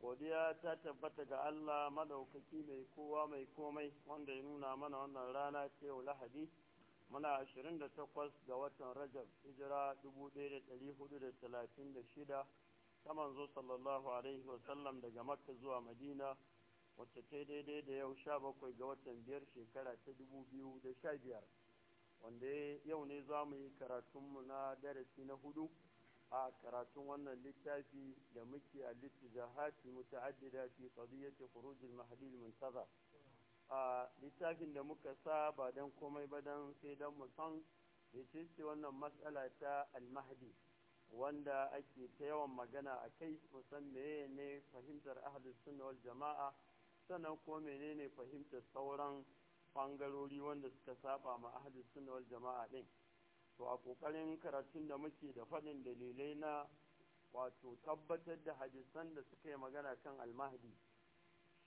godiya ta tabbata ga Allah madaukaki mai kowa mai komai wanda ya nuna mana wannan rana ta yau lahadi muna 28 ga watan rajab hijira 1436 ta manzo sallallahu alaihi wasallam daga makka zuwa madina wacce ta daidai da yau 17 ga watan biyar shekara ta 2015 wanda yau ne za mu yi karatunmu na darasi na hudu a karatun wannan littafi da muke a littijahati muta'addida fi qadiyyati khuruj al-mahdi al a littafin da muka saba dan komai ba dan sai dan mu san yace wannan matsala ta al-mahdi wanda ake ta yawan magana a kai musan menene fahimtar ahlus sunna wal jama'a sannan ko menene fahimtar sauran bangarori wanda suka saba ma ahlus sunna wal jama'a din to a kokarin karatun da muke da faɗin dalilai na wato tabbatar da hadisan da suka yi magana kan almahdi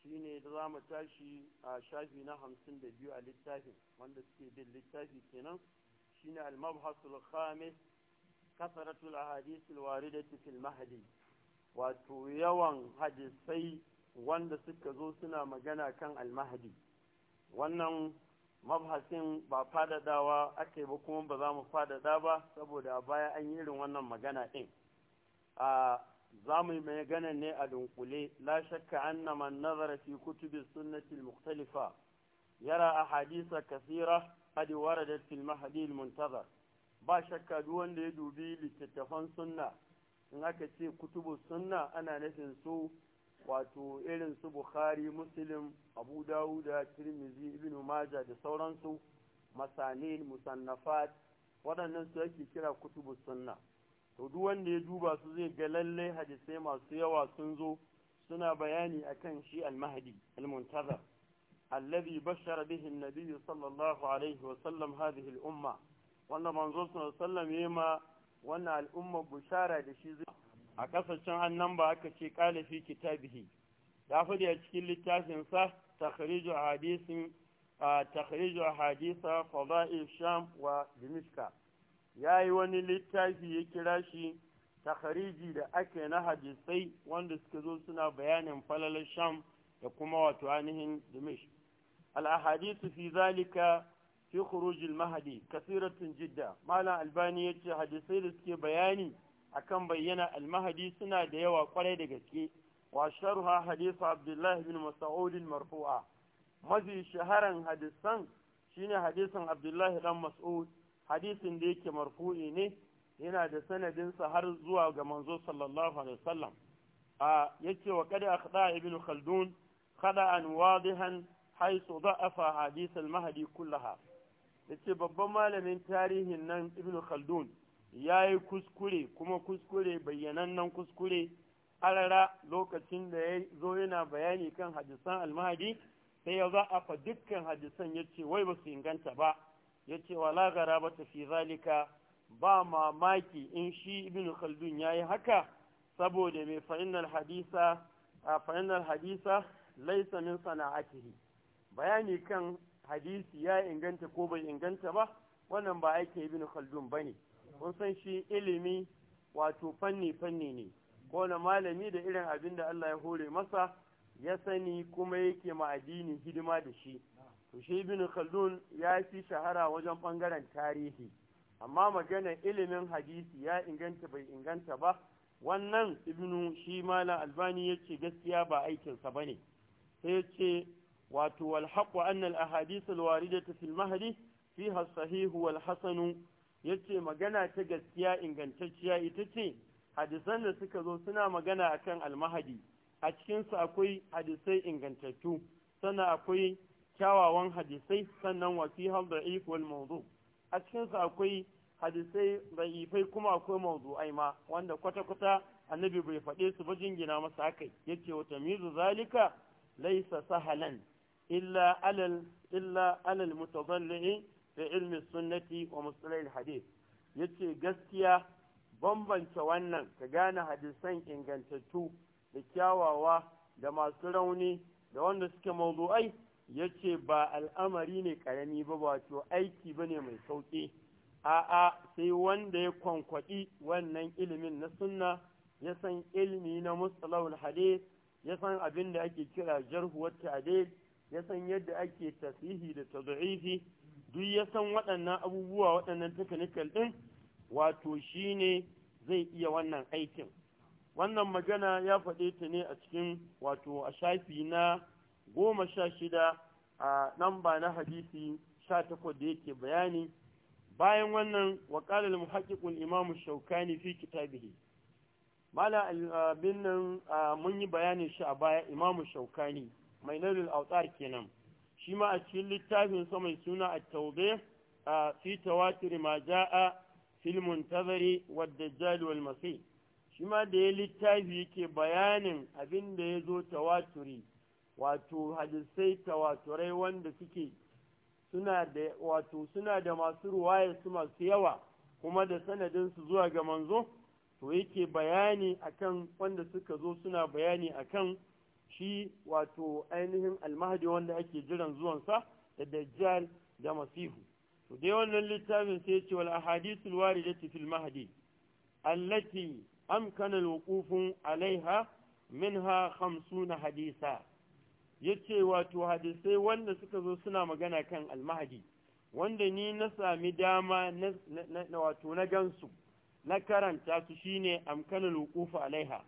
shine da za mu tashi a shafi na hamsin da biyu a littafin wanda suke bin littafi kenan shine almabhasul khamis kasaratul ahadisul waridati fil mahdi wato yawan hadisai wanda suka zo suna magana kan almahdi wannan mabhasin ba fadadawa ake ba kuma ba za mu fadada ba saboda a baya an yi irin wannan magana ɗin a za mu yi magana ne a dunkule la shakka anna man nazara fi kutubi sunnati muktalifa yara ahadisa kasira hadi waradat fil mahdi al muntazar ba shakka duk wanda ya dubi littattafan sunna in aka ce kutubu sunna ana nufin su wato irin su bukhari muslim abu dawuda tirmizi ibn maja da sauransu masanin musannafat waɗannan su yake kira kutubu sunna to duk wanda ya duba su zai ga lallai hadisai masu yawa sun zo suna bayani akan shi al-mahdi al-muntazar alladhi bashara bihi an-nabiy sallallahu alaihi wa sallam hadhihi al-umma wanda manzo sallallahu alaihi wa sallam yema wannan al-umma bushara da shi zai a ƙasashen annan ba aka ce ƙalafi kitabihi ya faɗi a cikin littafinsa takhriju hadisin a hadisa fada'il sham wa dimishka yi wani littafi ya kira shi takhariji da ake na hadisai wanda suka zo suna bayanin falalar sham da kuma wato ainihin dimish al'ahadisu fi zalika fi khuruj al-mahdi jidda malam albani ya ce hadisai da suke bayani akan bayyana almahadi suna da yawa kwarai da gaske wa sharha hadisu abdullahi ibn mas'ud marfu'a mafi shaharan hadisan shine hadisin abdullahi dan mas'ud hadisin da yake marfu'i ne yana da sanadinsa har zuwa ga manzo sallallahu alaihi wasallam a yake wa kada akhda ibn khaldun khada'an wadihan haisu da'afa hadith al-mahdi kullaha yace babban malamin tarihin nan ibn khaldun ya yi kuskure kuma kuskure bayyanannan kuskure arara lokacin da ya zo yana bayani kan hadisan almahadi sai ya fa dukkan hadisan ya ce wai ba su inganta ba ya ce wa lagara ba ta fi zalika ba mamaki in shi ibn khaldun ya yi haka saboda mai fa'inar hadisa a fa'inar hadisa laisa min sana'atihi bayani kan hadisi ya inganta ko bai inganta ba wannan ba aiki ibn khaldun bane mun san shi ilimi wato fanni-fanni ne ko na malami da irin abin da Allah ya hore masa ya sani kuma yake ma addini hidima da shi to shi kallon khaldun ya fi shahara wajen bangaren tarihi amma maganar ilimin hadisi ya inganta bai inganta ba wannan ibnu shi malam albani yace gaskiya ba aikinsa ba ne sai yace wato walhaƙu annal ahadith alwaridatu fil mahdi fiha sahihu wal hasanu yace magana ta gaskiya ingantacciya ita ce hadisan da suka zo suna magana a akan almahadi a cikinsu akwai hadisai ingantattu sannan akwai kyawawan hadisai sannan wafi da wal mawdu a cikinsu akwai hadisai ra'ifai kuma akwai mawdu'ai ma wanda kwata-kwata annabi bai faɗe su ba jingina masa haka yace wata mizu zalika laysa sahalan illa alal illa alal fi ilmi sunnati wa musulai hadith ya ce gaskiya bambance wannan ka gane hadisan ingantattu da kyawawa da masu rauni da wanda suke mawdu'ai ya ce ba al'amari ne karami ba wato aiki ba ne mai sauƙi a'a sai wanda ya kwankwaɗi wannan ilimin na sunna ya san ilimi na musulawul hadith ya san abin da ake kira jarhuwar ta'adil ya san yadda ake tasihi da tad'ifi duk ya san waɗannan abubuwa waɗannan technical ɗin wato shi ne zai iya wannan aikin wannan magana ya faɗe ta ne a cikin wato a shafi na goma sha shida a ba na hadisi sha takwas da yake bayani bayan wannan waƙalar muhaƙiƙun imamu shaukani fi kitabihi mala abin nan mun yi bayanin shi a baya imamu shaukani mai nazarin autar kenan shi ma a cikin littafin sa mai suna at-taube a fi tawatir ma ja'a fil muntazari wad dajjal wal masih shi ma da ya littafi yake bayanin abin da ya zo tawaturi wato hadisai tawaturai wanda suke suna da wato suna da masu ruwaya su masu yawa kuma da sanadinsu zuwa ga manzo to yake bayani akan wanda suka zo suna bayani akan shi wato ainihin almahadi wanda ake jiran zuwansa da dajjal da masihu to dai wannan littafin sai ce wal ahadithul waridati fil mahdi allati amkana alwuqufun alaiha minha 50 hadisa yace wato hadisai wanda suka zo suna magana kan almahdi wanda ni na sami dama na wato na gansu na karanta su shine amkana alwuqufu alaiha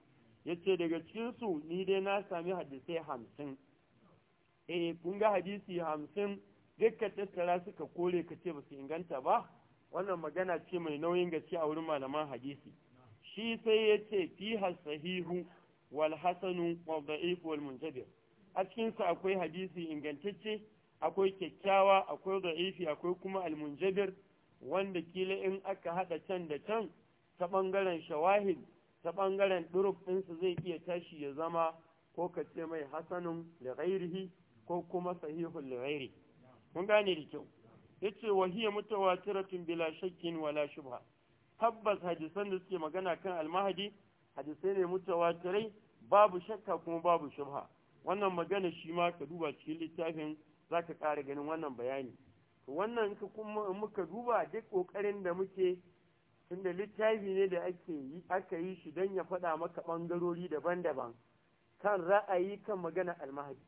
yace daga cikin su ni dai na sami hadisai hamsin eh kun ga hadisi hamsin dukkan tattara suka kore ka ce ba su inganta ba wannan magana ce mai nauyin gaske a wurin malaman hadisi shi sai ya ce fi hasahihu wal hasanu wa da'if wal munjabir a cikin sa akwai hadisi ingantacce akwai kyakkyawa akwai da'ifi akwai kuma al munjabir wanda kila in aka hada can da can ta bangaren shawahid ta ɓangaren ɗuruf ɗinsa zai iya tashi ya zama ko ka ce mai hasanun lighairihi ko kuma sahihun lighairi mun gane da kyau Ya yace wa mutuwa mutawatiratun bila shakkin wala shubha tabbas hadisan da suke magana kan almahadi hadisai ne mutawatirai babu shakka kuma babu shubha wannan magana shi ma ka duba cikin littafin za ka ƙara ganin wannan bayani wannan ka kuma muka duba duk ƙoƙarin da muke tunda littafi ne da ake yi aka yi shi don ya faɗa maka ɓangarori daban-daban kan ra'ayi kan magana almahadi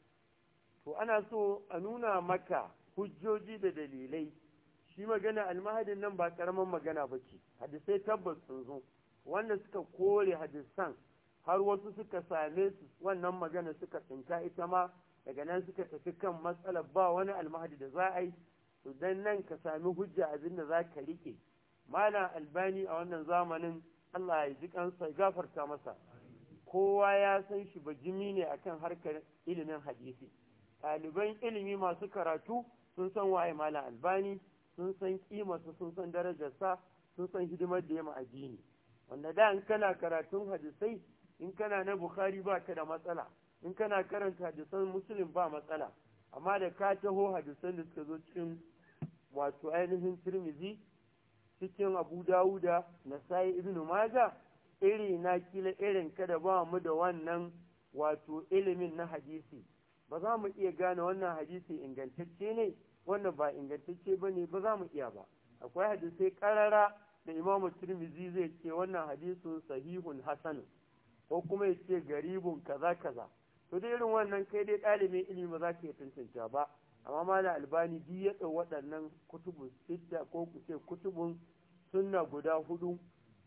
to ana so a nuna maka hujjoji da dalilai shi magana almahadin nan ba ƙaramin magana ba ce hadisai tabbas sun zo wanda suka kore hadisan har wasu suka same su wannan magana suka tsinka ita ma daga nan suka tafi kan matsalar ba wani almahadi da za a yi to don nan ka sami hujja abin da za ka rike mana albani a wannan zamanin Allah ya ji kansa gafarta masa kowa ya san shi bajimi ne akan harkar ilimin hadisi ɗaliban ilimi masu karatu sun san waye malam albani sun san kimarsa sun san darajarsa sun san hidimar da ya addini wanda da in kana karatun hadisai in kana na bukhari ba ka da matsala in kana karanta hadisan muslim ba matsala amma da ka taho hadisan da suka zo cikin wato ainihin tirmizi cikin abu dawuda na sai ibnu maja iri na kila irin kada ba mu da wannan wato ilimin na hadisi ba za mu iya gane wannan hadisi ingantacce ne wannan ba ingantacce ba ne ba za mu iya ba akwai hadisai karara da imamu tirmizi zai ce wannan hadisin sahihun hasan ko kuma ya ce garibun kaza kaza to da irin wannan kai dai ɗalibin ilimi ba za ka yi tantance ba amma mala albani duk ya ɗau waɗannan kutubun sita ko ku ce kutubun sunna guda hudu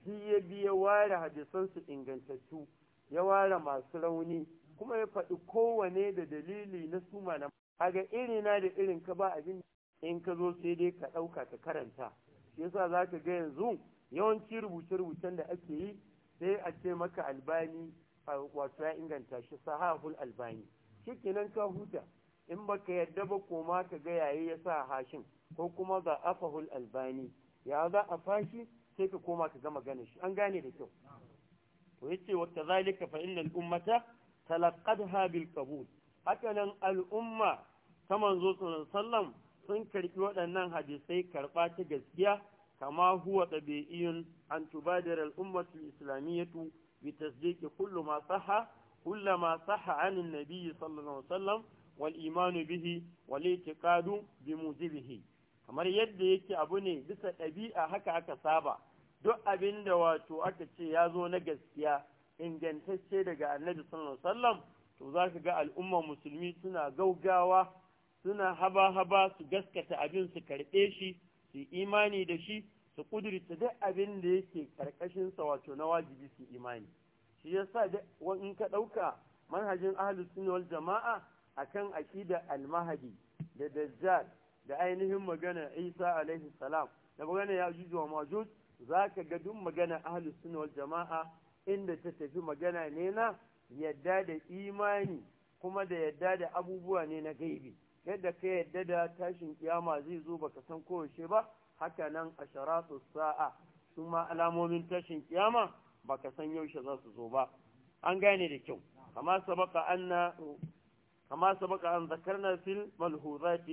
duk ya biya ware hadisansu ingantattu ya ware masu rauni kuma ya faɗi kowane da dalili na su malam kaga na da irin ka ba abin in ka zo sai dai ka ɗauka ka karanta shi yasa za ka ga yanzu yawanci rubuce-rubucen da ake yi sai a ce maka albani wato ya inganta shi sahahul albani shi kenan ka huta in baka yadda ba koma ka ga yayi ya sa hashin ko kuma ga afahul albani ya za a fashi sai ka koma ka ga magana shi an gane da kyau to yace wa kazalika fa innal ummata talaqqadha bil qabul haka nan al'umma ta manzo sallam sun karbi waɗannan hadisai karɓa ta gaskiya kama huwa tabi'iyun an tubadira al'ummatu islamiyyatu bi tasdiqi kullu ma sahha saha sahha anin nabiyyi sallallahu alaihi wasallam wal imanu bihi wal itiqadu bi mujibihi kamar yadda yake abu ne bisa ɗabi'a haka aka saba duk abin da wato aka ce ya zo na gaskiya ingantacce daga annabi sallallahu alaihi wasallam to za ka ga al'ummar musulmi suna gaugawa suna haba-haba su gaskata abin su karɓe shi su imani da shi su kudurta duk abin da yake karkashinsa wato na wajibi su imani shi yasa in ka ɗauka manhajin ahlus sunna wal jama'a akan akida al-mahdi da dajjal da ainihin magana Isa alaihi salam da magana ya juju wa majuj zaka ga duk magana ahlus sunna wal jama'a inda ta tafi magana ne na yadda da imani kuma da yadda da abubuwa ne na gaibi yadda ka yadda da tashin kiyama zai zo baka san kowace ba haka nan a sharatu sa'a su alamomin tashin kiyama baka san yaushe za su zo ba an gane da kyau amma sabaka anna كما سبق أن ذكرنا في الملحوظات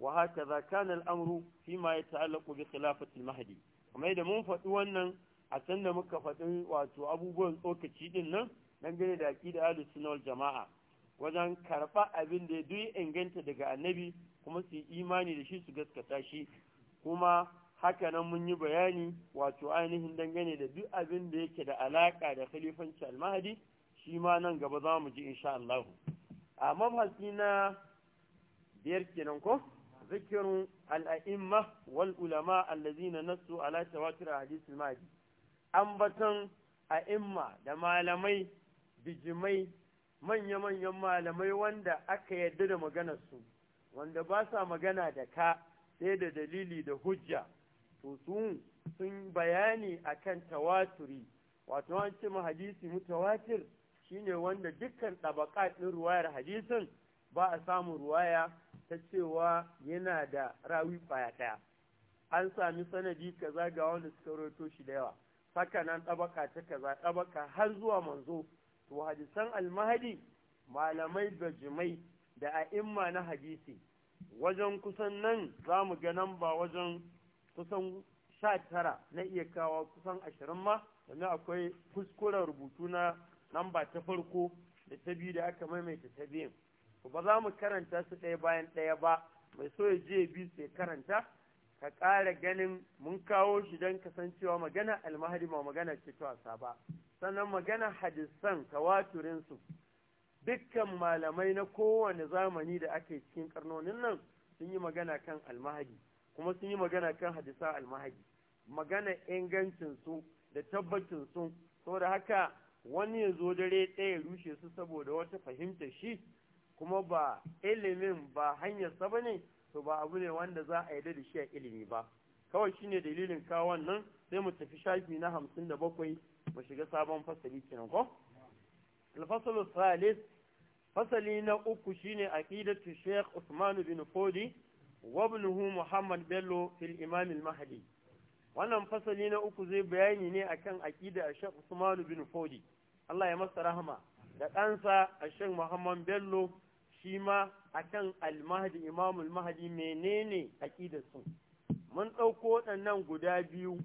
وهكذا كان الأمر فيما يتعلق بخلافة المهدي وما إذا منفت وانا أتنى مكفة واتو أبو بوز أوكا تشيدنا نجري دا أكيد أهل السنة jama'a wajen karɓa abinda ya duk inganta daga annabi kuma su yi imani da shi su gaskata shi kuma haka nan mun yi bayani wato ainihin dangane da duk abin da yake da alaƙa da khalifanci almahadi shi ma nan gaba za mu ji insha Allah. a mabhasi na biyar kenan ko zikirin al'a'imma wal ulama allazina nasu ala tawatir hadith An mahdi ambatan a'imma da malamai bijimai manya-manyan malamai wanda aka yarda da maganarsu wanda ba sa magana da ka sai da dalili da hujja to sun sun bayani akan tawaturi wato an ce hadisi mutawatir Shi ne wanda dukkan ɗabaƙa ɗin ruwayar hadisin ba a samun ruwaya ta cewa yana da rawi ɓaya ɗaya an sami sanadi kaza ga wanda suka roto shi da yawa haka nan ɗabaka ta kaza ɗabaka har zuwa manzo to hadisan almahadi malamai da jimai da a'imma na hadisi wajen kusan nan za mu ga nan ba wajen kusan sha tara na iya kawo kusan ashirin ma sannan akwai kuskuren rubutu na namba ta farko da ta biyu da aka maimaita ta biyun ba za mu karanta su ɗaya bayan ɗaya ba mai so ya je bi sai karanta ka ƙara ganin mun kawo shi don kasancewa magana almahadi ba magana ce ta wasa ba sannan magana hadisan su dukkan malamai na kowane zamani da ake cikin karnonin nan sun yi magana kan almahadi kuma sun yi magana kan hadisan almahadi magana su da tabbacin su saboda haka wani ya zo dare ɗaya rushe su saboda wata fahimta shi kuma ba ilimin ba hanyar saba ne to ba abu ne wanda za a yarda da shi a ilimi ba kawai shine dalilin kawo wannan sai mu tafi shafi na hamsin da bakwai mu shiga sabon fasali kenan ko alfasalu salis fasali na uku shine aƙidatu sheikh Usmanu bin fodi wa muhammad bello fil imam al mahdi wannan fasali na uku zai bayani ne akan aqida sheikh Usmanu bin fodi Allah ya masa rahama da ɗansa a shan Muhammad Bello shi ma a kan almahadi imamul mahadi menene aƙidarsu mun ɗauko waɗannan guda biyu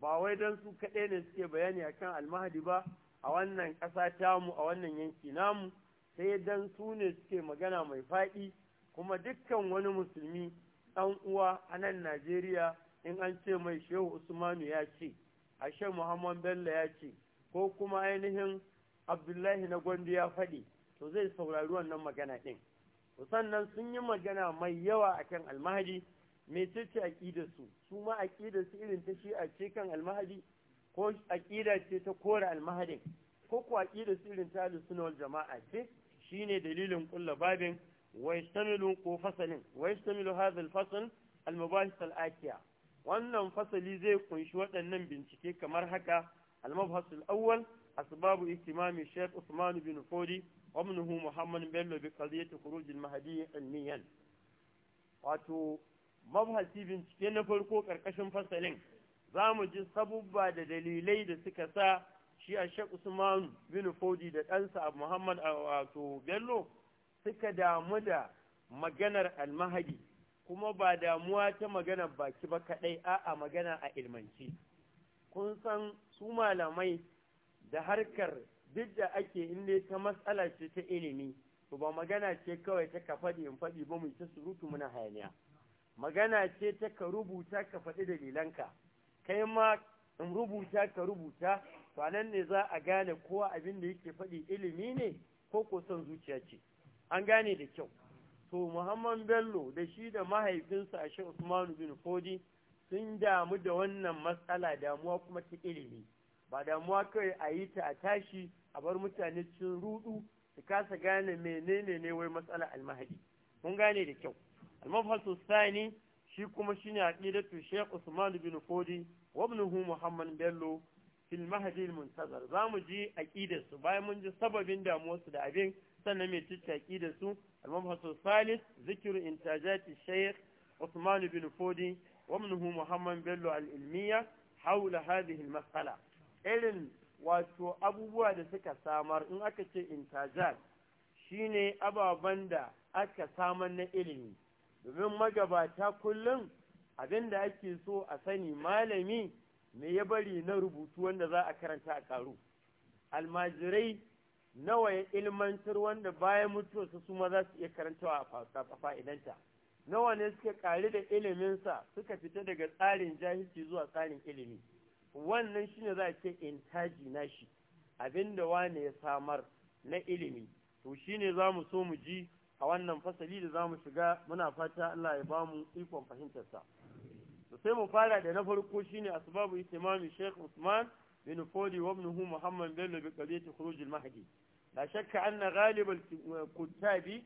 ba wai don su kaɗai ne suke bayani a kan almahadi ba a wannan ƙasa tamu a wannan yanki namu sai don su ne suke magana mai faɗi kuma dukkan wani musulmi ɗan uwa a nan Najeriya in an ce mai Shehu Usmanu ya ce, Ashe Muhammad Bello ya ce, ko kuma ainihin abdullahi na gwandu ya faɗi to zai saurari wannan magana ɗin sannan sun yi magana mai yawa a akan almahadi mecece aƙidarsu su ma a su irin ta shi a ce kan almahadi ko a ce ta kore almahadin ko ko su irin ta alusunan jama'a ce shine dalilin ƙulla babin ويشتمل فصل ويشتمل hazal fasal المباحث salakiya. wannan fasali zai kunshi waɗannan bincike kamar haka المبحث الأول أسباب اهتمام الشيخ عثمان بن فودي وابنه محمد بن بقضية خروج المهدي علميا wato mabhasi bincike na farko ƙarƙashin fasalin za mu ji sabubba da dalilai da suka sa shi a shek usman bin fodi da ɗansa abu muhammad wato bello suka damu da maganar almahadi kuma ba damuwa ta maganar baki ba kaɗai a'a magana a ilmanci kun san su malamai da harkar duk da ake inda ta matsala ce ta ilimi to ba magana ce kawai ta ka faɗi in faɗi ba mu ta surutu muna hayaniya magana ce ta ka rubuta ka faɗi dalilanka kai ma in rubuta ka rubuta to nan ne za a gane kowa abin da yake faɗi ilimi ne ko ko son zuciya ce an gane da kyau to muhammad bello da shi da mahaifinsa a shi usmanu bin fodi sun damu da wannan matsala damuwa kuma ta ilimi ba damuwa kawai a yi ta a tashi a bar mutane sun rudu su kasa gane menene ne wai matsala almahadi mun gane da kyau almafasu sani shi kuma shi ne shine ƙidatu shek usman bin fodi wa muhammad bello fil za mu muntazar ji a su bayan mun ji sababin damuwarsu da abin sannan mai cikin da su almafasu salis zikiru intajati shek usman bin fodi ومنه محمد بلو العلمية حول هذه المسألة irin wato abubuwa da suka samar in aka ce intajat shine ababen da aka samar na ilimi domin magabata kullum abin da ake so a sani malami me ya bari na rubutu wanda za a karanta a karu almajirai nawa ya ilimantar wanda bayan mutuwarsa su ma za su iya karantawa a fa'idanta nawa ne suka ƙari da iliminsa suka fita daga tsarin jahilci zuwa tsarin ilimi wannan shi ne za a ce intaji na shi abinda wane ya samar na ilimi to shi ne za mu so mu ji a wannan fasali da za mu shiga muna fata Allah ya ba mu ikon fahimtarsa to sai mu fara da na farko shi shine asbabu itimami Sheikh Usman bin Fodi wa ibnuhu Muhammad Bello bi qadiyati khuruj al-mahdi la shakka anna ghalib al-kuttabi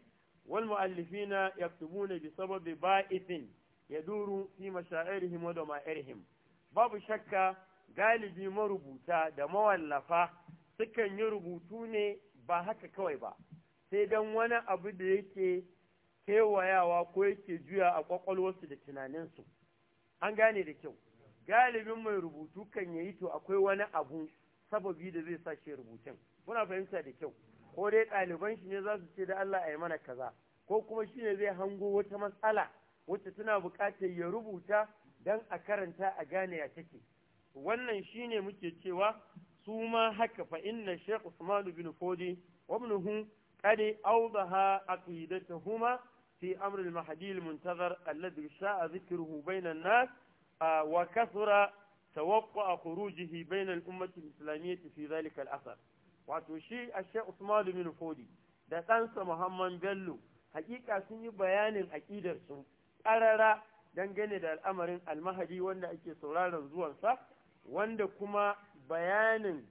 wal mu'allifina yaktubuna bi sababi ba'ithin yaduru fi mashairihim wa dama'irihim babu shakka galibi marubuta da mawallafa sukan yi rubutu ne ba haka kawai ba sai dan wani abu da yake kewayawa ko yake juya a kwakwalwarsu da tunaninsu an gane da kyau galibin mai rubutu kan yayi to akwai wani abu sababi da zai sa shi rubutun muna fahimta da kyau ko dai ɗaliban shi ne za su ce da Allah a yi mana kaza ko kuma shi ne zai hango wata matsala wacce tana buƙatar ya rubuta don a karanta a gane ya take wannan shi ne muke cewa su ma haka fa inna shek usman bin fodi wa ibnuhu qad awdaha aqidatahuma fi amr al-mahdi al-muntazar alladhi sha'a dhikruhu bayna an-nas wa kathura توقع خروجه بين الأمة الإسلامية في ذلك الأثر wato shi a shek usman bin fodi da ɗansa muhammad bello hakika sun yi bayanin aƙidar su ƙarara dangane da al'amarin almahadi wanda ake sauraron zuwansa wanda kuma bayanin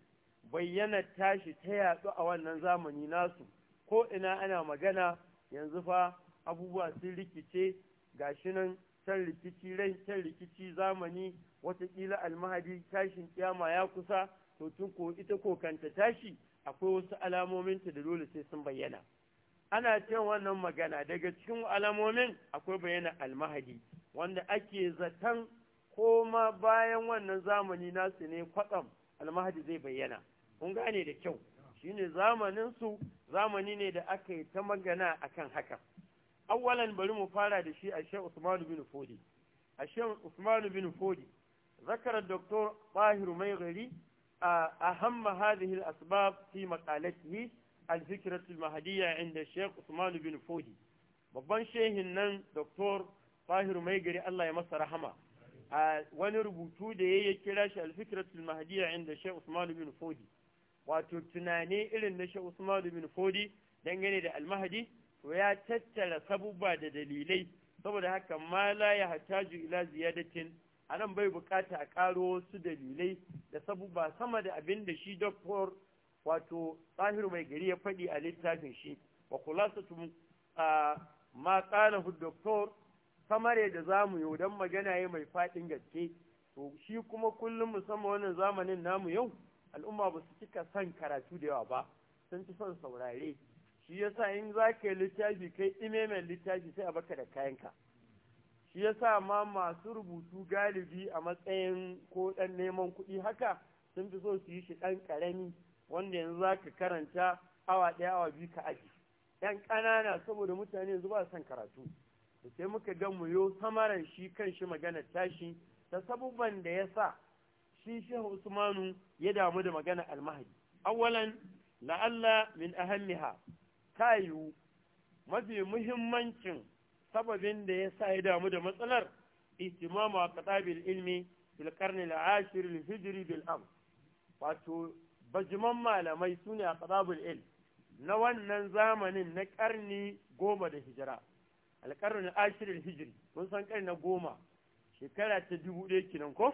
bayyana tashi ta yaɗu a wannan zamani nasu ko ina ana magana yanzu fa abubuwa sun rikice gashi nan can rikici rai can rikici zamani watakila almahadi tashin kiyama ya kusa to tun ko ita ko kanta tashi akwai wasu alamominta da dole sai sun bayyana ana cin wannan magana daga cikin alamomin akwai bayyana almahadi wanda ake zaton ko ma bayan wannan zamani nasu ne kwatsam almahadi zai bayyana kun gane da kyau shine zamanin su zamani ne da aka yi ta magana akan haka awwalan bari mu fara da shi a Sheikh Usman bin Fodi a Usman bin Fodi zakara Dr. Bahir Maigari أهم هذه الأسباب في مقالته الفكرة المهدية عند الشيخ Usman bin Fodi babban shehin nan Dr. fahir maigari Allah ya masa rahama a wani rubutu da ya kira shi alfikratul mahdiya inda shek Usman bin Fodi wato tunane irin na shek Usman bin Fodi dangane da almahadi to ya tattara sabubba da dalilai saboda haka ma la ya hataju ila ziyadatin a nan bai bukata a karo su dalilai da sabu ba sama da abin da shi doktor wato tsahiru mai gari ya faɗi a littafin shi wa tun a ma doktor samare da zamu yau don magana ya mai faɗin gaske to shi kuma kullum musamman wannan zamanin namu yau al'umma ba su cika son karatu da yawa ba sun ci son saurare shi yasa in za ka yi littafi kai imemen littafi sai a baka da kayanka shi yasa ma masu rubutu galibi a matsayin ko ɗan neman kuɗi haka sun fi so su yi shi ɗan ƙarami wanda yanzu za ka karanta awa ɗaya awa biyu ka aji ɗan ƙanana saboda mutane yanzu ba son karatu da sai muka ga mu yo samaran shi kan shi magana tashi ta sabubban da ya sa shi shehu usmanu ya damu da magana almahadi na la'alla min ahammiha ta yiwu mafi muhimmancin sababin da ya sa ya damu da matsalar ihtimamu a katabil ilmi bil karni al-ashir hijiri hijri bil am wato bajiman malamai su ne a katabul ilm na wannan zamanin na karni goma da hijira alƙarni ashir al hijri mun san karni na goma shekara ta dubu ɗaya kinan ko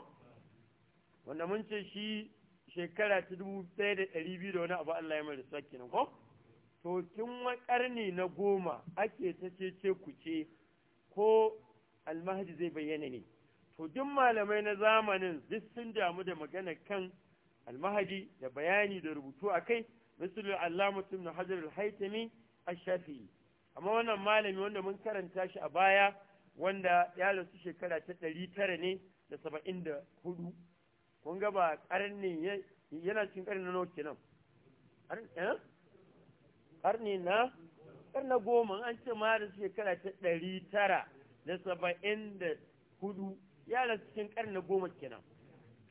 wanda mun ce shi shekara ta dubu ɗaya da ɗari biyu da wani abu Allah ya mai da kenan ko to tun ƙarni na goma ake ta cece kuce ko almahadi zai bayyana ne to duk malamai na zamanin duk sun damu da magana kan almahadi da bayani da rubutu a kai misalin allamatum na hajar alhaitami a shafi amma wannan malami wanda mun karanta shi a baya wanda ya rasu shekara ta ɗari tara ne da saba'in da hudu kun ga ba ƙarni yana cikin ƙarni na nawa kenan eh? ƙarni na ƙarna goma an ce maris shekara ta ɗari tara da saba'in da hudu yara cikin ƙarni goma kenan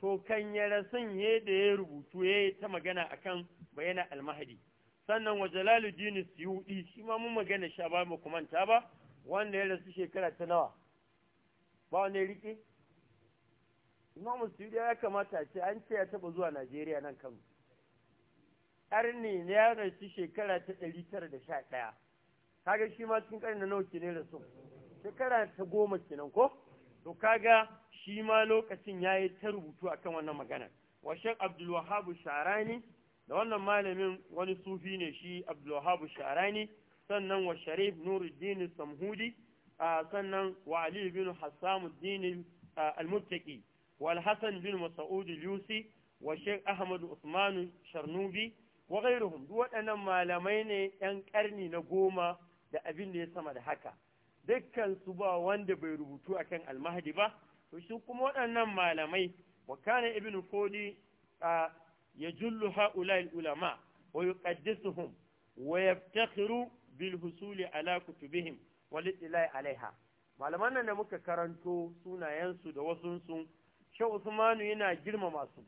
to kan yara sun ya da ya rubutu ya ta magana akan bayana almahadi sannan wa dini suyudi shi ma mun magana sha ba mu kumanta ba wanda ya rasu shekara ta nawa ba wanda ya rike yi suyudi ya kamata ce an ce ya taɓa zuwa najeriya nan kano ƙarni ya rasu shekara ta ɗari tara da sha ɗaya kaga shi ma cikin ƙarni na nawa ne rasu shekara ta goma kenan ko to kaga shi ma lokacin ya yi ta rubutu akan wannan magana washe Abdul wahabu sharani da wannan malamin wani sufi ne shi wahabu sharani sannan wa sharif nuruddin samhudi sannan wa ali bin hassamuddin dini muttaqi wal hasan bin mas'ud Lusi yusi wa sheikh ahmad usmanu sharnubi wa ghairuhum duk waɗannan malamai ne ɗan ƙarni na goma da abin da ya sama da haka dukkan su ba wanda bai rubutu akan almahdi ba to shi kuma waɗannan malamai wa kana ibnu fodi ya jullu ha'ula'il ulama wa yuqaddisuhum wa yaftakhiru bil husuli ala kutubihim wa lillahi alaiha malaman nan da muka karanto sunayensu da wasunsu shi Usmanu yana girmama su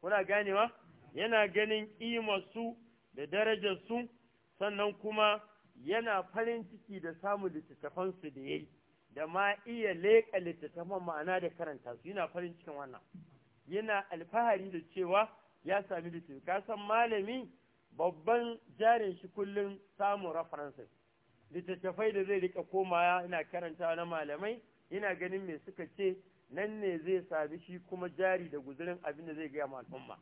kuna ganewa yana ganin su da su sannan kuma yana farin ciki da samun littattafansu da yayi da ma iya leƙa littattafan ma'ana da karanta su yana farin cikin wannan yana alfahari da cewa ya sami littattafi ka san malami babban jarin shi kullum samun references littattafai da zai rika komawa yana karanta na malamai yana ganin me suka ce nan ne zai sami shi kuma jari da guzurin abin da zai gaya ma al'umma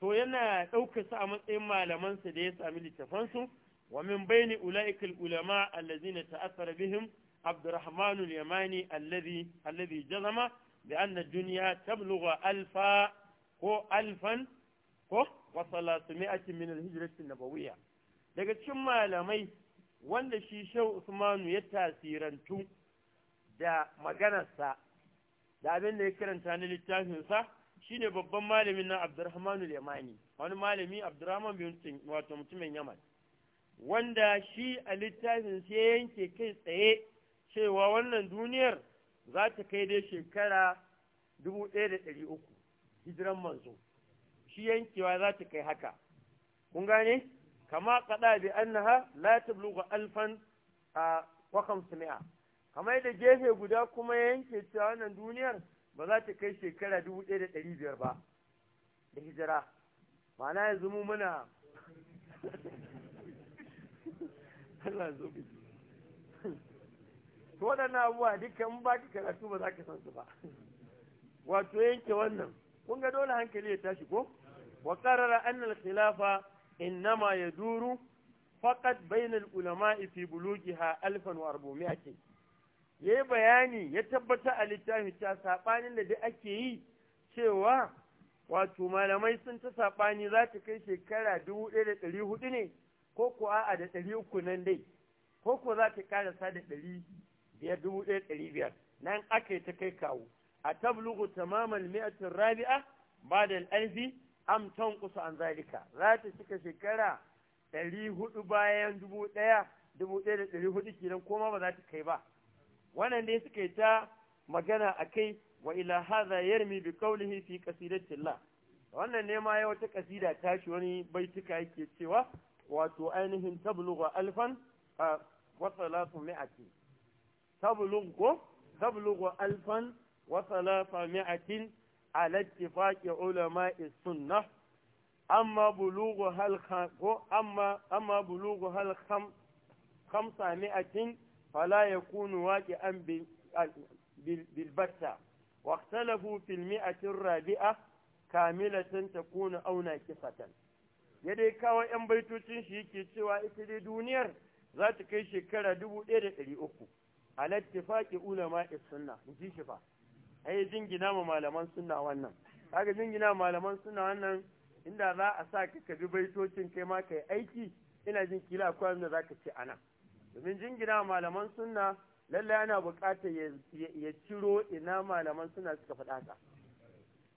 to yana ɗaukar su a matsayin malamansa da ya sami littafansu wa min bayni ula'ikal ulama allazina ta'assara bihim abdurrahmanu al-yamani allazi jazama da anna duniya tablugha alfa ko alfan ko wa salasimi'atin min al nabawiyya daga cikin malamai wanda shi Shehu Usmanu ya tasirantu da maganarsa da abin da ya karanta na littafinsa shine babban malamin na Abdurrahman al-Yamani wani malami Abdurrahman bin wato mutumin Yaman wanda shi a littafin sai yanke kai tsaye cewa wannan duniyar za ta kai dai shekara 1300 hijiran manzo shi yankewa za ta kai haka kun gane kama kada bi annaha la tablughu alfan wa 500 kamar da gefe guda kuma yanke cewa wannan duniyar ba za ta kai shekara dubu ɗaya da ɗari biyar ba da hijira ma'ana ya mu muna to waɗannan abubuwa dukkan ba ka karatu ba za ka san su ba wato yanke wannan kun ga dole hankali ya tashi ko wa qarara anna al-khilafa innama yaduru faqat bayna al-ulama'i fi bulughiha 1400 ya yi bayani ya tabbata a littafi ta saɓanin da duk ake yi cewa wato malamai sun ta saɓani za ta kai shekara dubu ɗaya da ɗari hudu ne ko ko a'a da ɗari uku nan dai ko ko za ta karasa da ɗari biyar dubu ɗaya ɗari biyar nan aka yi ta kai kawo a tablugu tamamal mi'atin rabi'a ba da alfi am kusa an zalika za ta cika shekara ɗari hudu bayan dubu ɗaya dubu ɗaya da ɗari hudu kenan ma ba za ta kai ba wannan dai suka yi ta magana a kai wa ila hadha yarmi bi qawlihi fi qasidatillah wannan ne ma ya wata kasida ta shi wani baituka yake cewa wato ainihin tablughu alfan wa salatu mi'ati tablughu tablughu alfan wa salatu mi'atin ala ittifaqi ulama'i sunnah amma bulughu hal amma amma bulughu hal kham 500 فلا يكون واقعا بالبتة واختلفوا في المئة الرابعة كاملة تكون أو ناكسة yadda kawo 'yan baitocin shi yake cewa ita dai duniyar za ta kai shekara 1,300 a lattifaƙi ulama sunna in ji fa a yi jingina ma malaman suna wannan inda za a sa ka bi baitocin kai ma ka aiki ina jin kila akwai wanda za ka a nan. domin jingina malaman sunna lalle yana buƙatar ya ciro ina malaman suna suka faɗa ka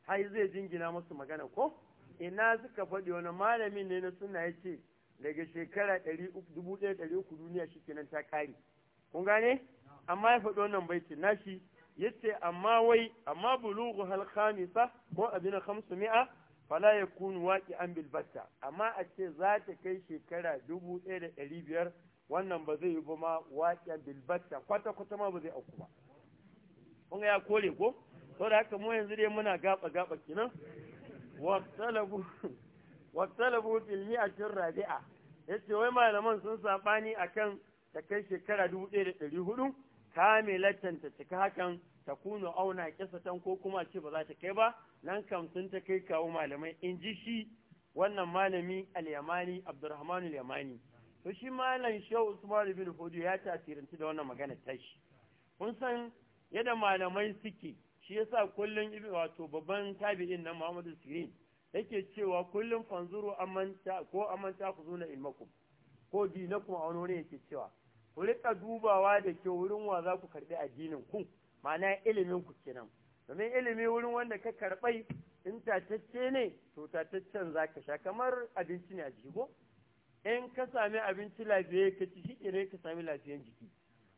hai zai jingina masu magana ko ina suka faɗi wani malamin ne na sunna ya ce daga shekara 1300 duniya shi kenan ta kare kun gane amma ya faɗi wannan baitin nashi yace amma wai amma bulughu hal khamisa ko abin 500 fala yakun waqi'an bil batta amma a ce za ta kai shekara 1500 wannan ba zai yi ba ma waƙen bilbatta kwata-kwata ma ba zai auku ba kun ya kore ko sau da haka mu yanzu dai muna gaba-gaba kinan wasalabu filmi a cin rabi'a ya ce wai malaman sun saɓani a kan ta kai shekara 1400 kamilatan ta cika hakan ta kuno auna kisatan ko kuma ce ba za ta kai ba nan kam sun ta kai kawo malamai in ji shi wannan malami al-yamani abdurrahman al-yamani to shi malam shehu usman bin hudu ya tasiranci da wannan magana tashi kun san yadda malamai suke shi yasa kullum ibi wato babban tabi'in na muhammadu sirin yake cewa kullum fanzuru amanta ko amanta ku zuna ilmakum ko dinakum a wani yake cewa ku rika dubawa da ke wurin wa za ku karbi addinin ku ma'ana ilimin ku kenan domin ilimi wurin wanda ka karbai in tatacce ne to tataccen za ka sha kamar abinci ne a jigo in ka sami abinci lafiya ka ci shi ne ka sami lafiyan jiki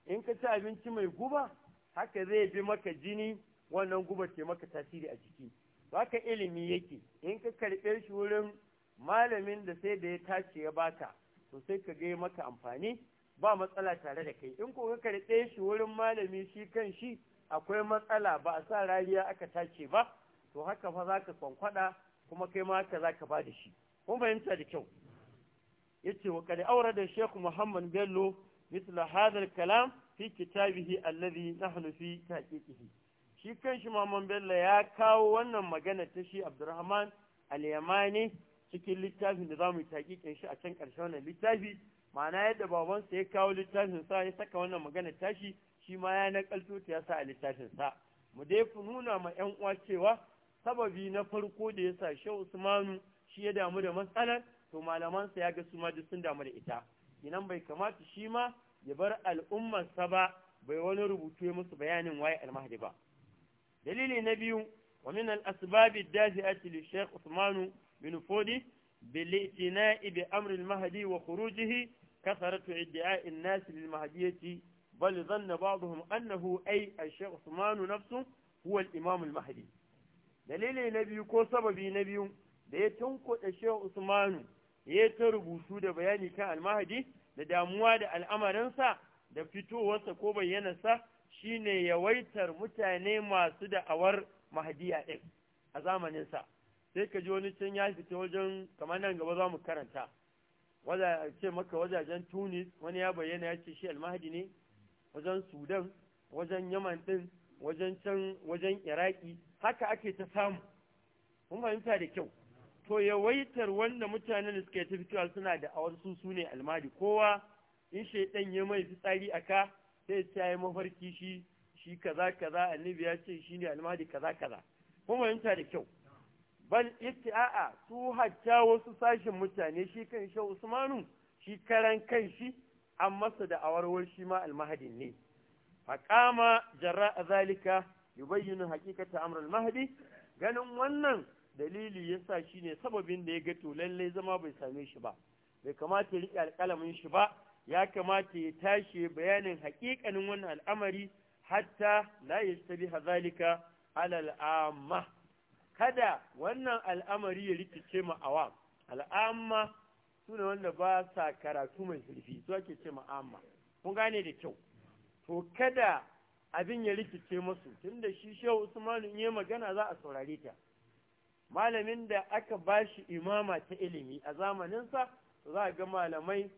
in ka ci abinci mai guba haka zai bi maka jini wannan guba ce maka tasiri a jiki baka ilimi yake in ka karɓe shi wurin malamin da sai da ya tashi ya baka to sai ka ga maka amfani ba matsala tare da kai in ko ka karɓe shi wurin malami shi kan shi akwai matsala ba a sa rariya aka tace ba to haka fa za ka kwankwada kuma kai ma haka za ka ba da shi kun fahimta da kyau yace wa qad da shaykh muhammad bello mithla hadha al-kalam fi kitabihi alladhi nahnu fi taqiqihi shi kan shi muhammad bello ya kawo wannan magana ta shi abdurrahman al-yamani cikin littafin da zamu taqiqin shi a can karshen wannan littafi ma'ana yadda baban babansa ya kawo littafin sa ya saka wannan magana tashi shi ma ya nakalto ta ya sa a littafin sa mu dai ku nuna ma yan uwa cewa sababi na farko da yasa Shehu Usmanu shi ya damu da matsalar to malamansa ya ga su ma duk sun damu da ita inan bai kamata shi ma ya bar al'ummarsa ba bai wani rubutu musu bayanin waye almahdi ba dalili na biyu wa min al-asbab ad-dafi'ati li Sheikh Uthman bin Fodi bil itina'i bi amr al-mahdi wa khurujihi kasaratu idda'i an-nas lil mahdiyyati bal dhanna ba'dhum annahu ay al-Sheikh Uthman nafsu huwa al-imam al-mahdi dalili na biyu ko sababi na biyu da ya tunkuɗe Sheikh Usmanu ya ta rubutu da bayani kan almahadi da damuwa da al'amarinsa da fitowarsa ko bayyanarsa ne yawaitar mutane masu da'awar mahadiya ɗin a zamaninsa sai ka ji wani can ya fita wajen kamar nan gaba za mu karanta waza ce maka wajajen tunis wani ya bayyana ya ce shi almahadi ne wajen sudan wajen yaman ɗin wajen can wajen iraki haka ake ta samu mun fahimta da kyau to yawaitar wanda mutanen da suka yi fitowa suna da awar su su ne almadi kowa in shaidan ya mai fitsari a ka sai ya yi mafarki shi shi kaza kaza annabi ya ce shi ne almadi kaza kaza kuma yanta da kyau bal a'a su hatta wasu sashen mutane shi kan shi Usmanu shi karan kan shi an masa da awarwar shi ma almahadi ne faqama jarra zalika yubayyinu haqiqata amr almahdi ganin wannan dalili ya sa shi ne sababin da ya ga to lallai zama bai same shi ba bai kamata ya riƙe alƙalamin shi ba ya kamata ya tashi bayanin haƙiƙanin wannan al'amari hatta la yastabi hazalika alal amma kada wannan al'amari ya rikice ma awam al'amma sune wanda ba sa karatu mai zurfi su ake ce ma'amma kun gane da kyau to kada abin ya rikice masu tun da shi shehu usman in yi magana za a saurare ta malamin da aka ba shi imama ta ilimi a zamaninsa za a ga malamai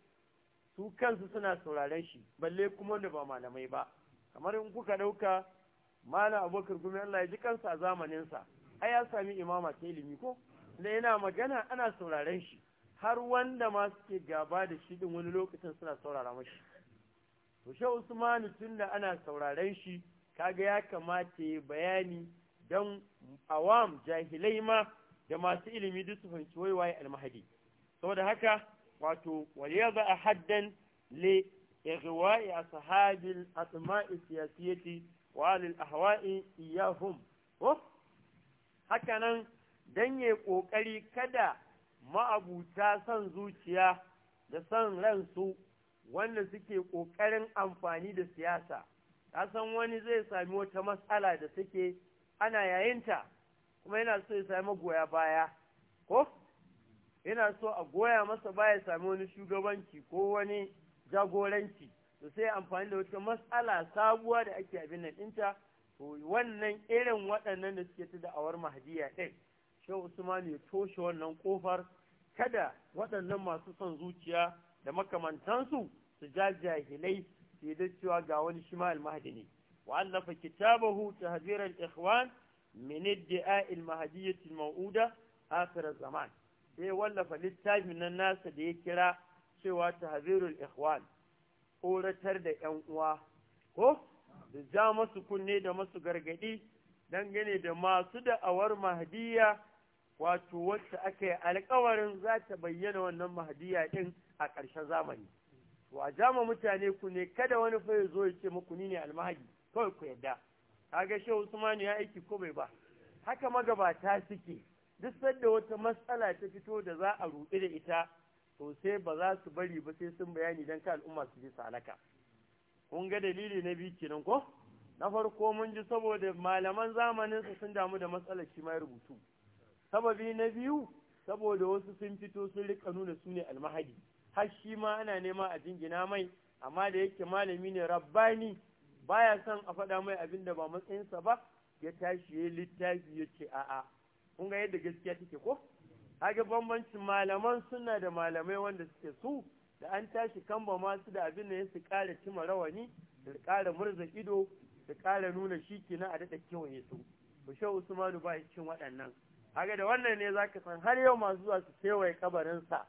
su kansu suna sauraren shi balle kuma wanda ba malamai ba kamar in kuka ɗauka malam abokar gumi Allah ya ji kansa a zamaninsa ai ya sami imama ta ilimi ko da yana magana ana sauraren shi har wanda ma suke gaba da shi din wani lokacin suna saurara mashi to shi usmanu da ana sauraren shi kaga ya kamata ya bayani don awam jahilai ma da masu ilimi duk su fahimci wai waye almahadi saboda haka wato waliyaza a haddan le igwa'i ashabil asma'i siyasiyati wa lil ahwa'i iyahum haka nan dan ya kokari kada ma'abuta san zuciya da son ransu wanda suke ƙoƙarin amfani da siyasa, kasan wani zai sami wata matsala da suke ana yayinta kuma yana so ya sami goya baya ko yana so a goya masa baya sami wani shugabanci ko wani jagoranci to sai amfani da wata matsala sabuwa da ake abin nan dinta to wannan irin waɗannan da suke ta da'awar mahdiya ɗin shehu usman ya toshe wannan kofar kada waɗannan masu son zuciya da makamantansu su ja jahilai su yi cewa ga wani shima almahdi ne وألف كتابه تهذير الإخوان من ادعاء المهدية الموؤودة آخر الزمان sai wallafa littafin na nasa da ya kira cewa tahzirul ikhwan koratar da 'yan uwa ko da ja masu kunne da masu gargadi dangane da masu da'awar mahdiya wato wacce aka yi alkawarin za ta bayyana wannan mahdiya din a ƙarshen zamani to a mutane ku ne kada wani fa ya zo ya ce muku ni ne almahdi kawai ku yadda kaga shehu usmanu ya aiki ko bai ba haka magabata suke duk sanda wata matsala ta fito da za a rubi da ita to sai ba za su bari ba sai sun bayani dan ka al'umma su ji salaka kun ga dalili na biyu kenan ko na farko mun ji saboda malaman zamanin su sun damu da matsalar shi mai rubutu sababi na biyu saboda wasu sun fito sun rika nuna su ne almahadi har shi ma ana nema a jingina mai amma da yake malami ne rabbani baya son a faɗa mai abin da ba matsayinsa ba ya tashi ya littafi ya ce a'a kun ga yadda gaskiya take ko haka bambancin malaman suna da malamai wanda suke su da an tashi kan ba masu da abin da ya su ƙara cima rawani da ƙara murza ido da ƙara nuna shi na a daɗa kewaye su bushe usmanu ba cin waɗannan haka da wannan ne zaka san har yau masu zuwa su kewaye kabarinsa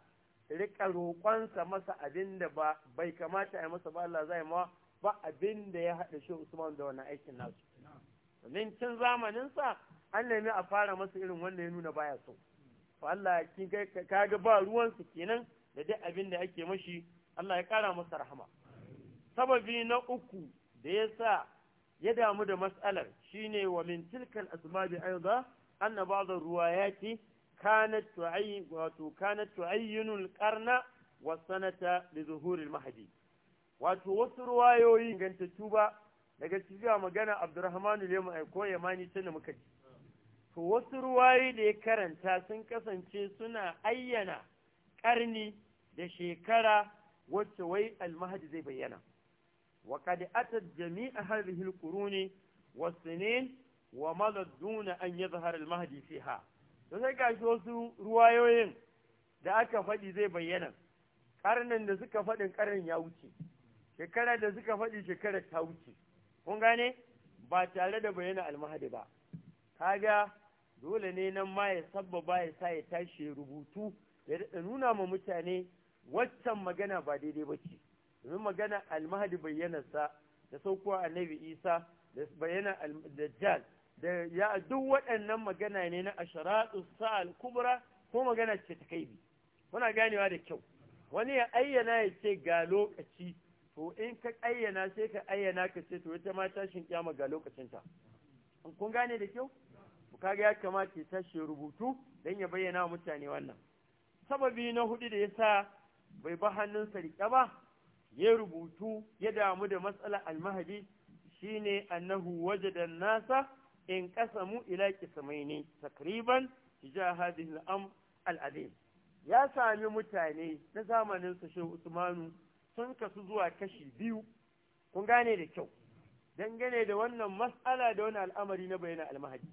riƙa roƙonsa masa abin da bai kamata a yi masa ba Allah zai ma ba abin da ya haɗa shi Usman da wannan aikin nasu domin tun zamaninsa an nemi a fara masa irin wanda ya nuna baya so fa Allah kin ga ba ruwansu kenan da duk abin da ake mashi Allah ya kara masa rahama sababi na uku da ya sa ya damu da matsalar shine wa min tilkal asbabi aiza anna ba'd ar-riwayati kanat tu'ayyin wa kanat tu'ayyinu al-qarna wa sanata li zuhuri al-mahdi wato wasu ruwayoyi ingantattu ba daga cikin magana Abdurrahman Lemu ko Yamani tana muka ji to wasu ruwayi da ya karanta sun kasance suna ayyana karni da shekara wacce wai almahadi zai bayyana wa qad ata jami'a hadhihi alquruni wa sinin wa madad duna an yadhhar almahdi fiha to sai ga wasu ruwayoyin da aka faɗi zai bayyana karnin da suka faɗin karnin ya wuce shekara da suka faɗi shekara ta wuce kun gane ba tare da bayyana almahadi ba kaga dole ne nan ma ya sabbaba ya sa ya tashi rubutu ya nuna ma mutane waccan magana ba daidai ba ce domin magana almahadi bayyanarsa da saukowa annabi isa da bayyana dajjal da ya duk waɗannan magana ne na asharatu sa'al kubra ko magana ce ta kaibi kuna ganewa da kyau wani ya ayyana ya ce ga lokaci to in ka ayyana sai ka ayyana ka ce to ita ma shin kyama ga lokacinta in kun gane da kyau to kaga ya kamata ya tashe rubutu dan ya bayyana wa mutane wannan sababi na hudu da yasa bai ba hannunsa riƙe ba ya rubutu ya damu da matsalar almahadi shine annahu wajada nasa in qasamu ila qismaini takriban tija hadhihi al am al adim ya sami mutane na zamanin sa Shehu Usmanu sun kasu zuwa kashi biyu kun gane da kyau dangane da wannan mas'ala da wani al'amari na bayyana almahadi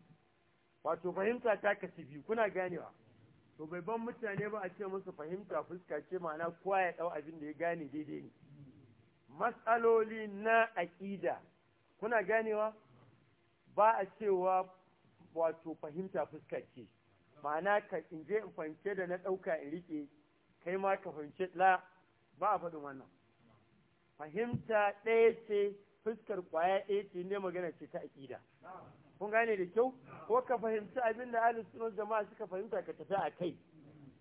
wato fahimta ta kasu biyu kuna ganewa to bai ban mutane ba a ce musu fahimta fuska ce ma'ana kowa ya ɗau abin da ya gane daidai ne mas'aloli na aƙida kuna ganewa ba a cewa wato fahimta fuska ce ma'ana ka in je in fahimce da na ɗauka in riƙe kai ma ka fahimce la ba a faɗin wannan fahimta ɗaya ce fuskar ƙwaya ɗaya ce ne magana ce ta aƙida kun gane da kyau ko ka fahimci abin da ahlus sunna jama'a suka fahimta ka tafi a kai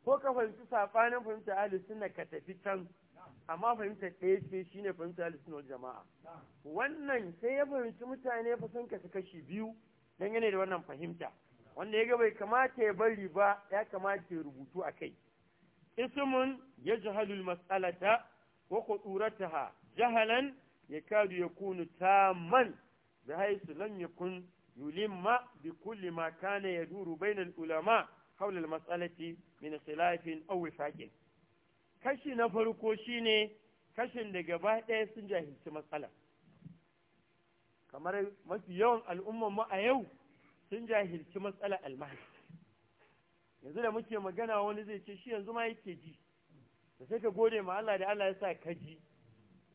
ko ka fahimci sabanin fahimta ahlus sunna ka tafi can amma fahimta ɗaya ce shine fahimta ahlus sunna jama'a wannan sai ya fahimci mutane fa sun kasu kashi biyu dangane da wannan fahimta wanda ya ga bai kamata ya bari ba ya kamata ya rubutu a kai ismun ya al-mas'alata wa qudrataha jahalan ya yakunu tamman بحيث لم bi kulli ma ما كان يدور بين العلماء حول المسألة min خلاف أو وفاق kashi na farko shine kashin da gaba ɗaya sun jahilci matsala kamar mafi yawan al'umman mu a yau sun jahilci matsala almahdi yanzu da muke magana wani zai ce shi yanzu ma yake ji da sai ka gode ma Allah da Allah ya sa ka ji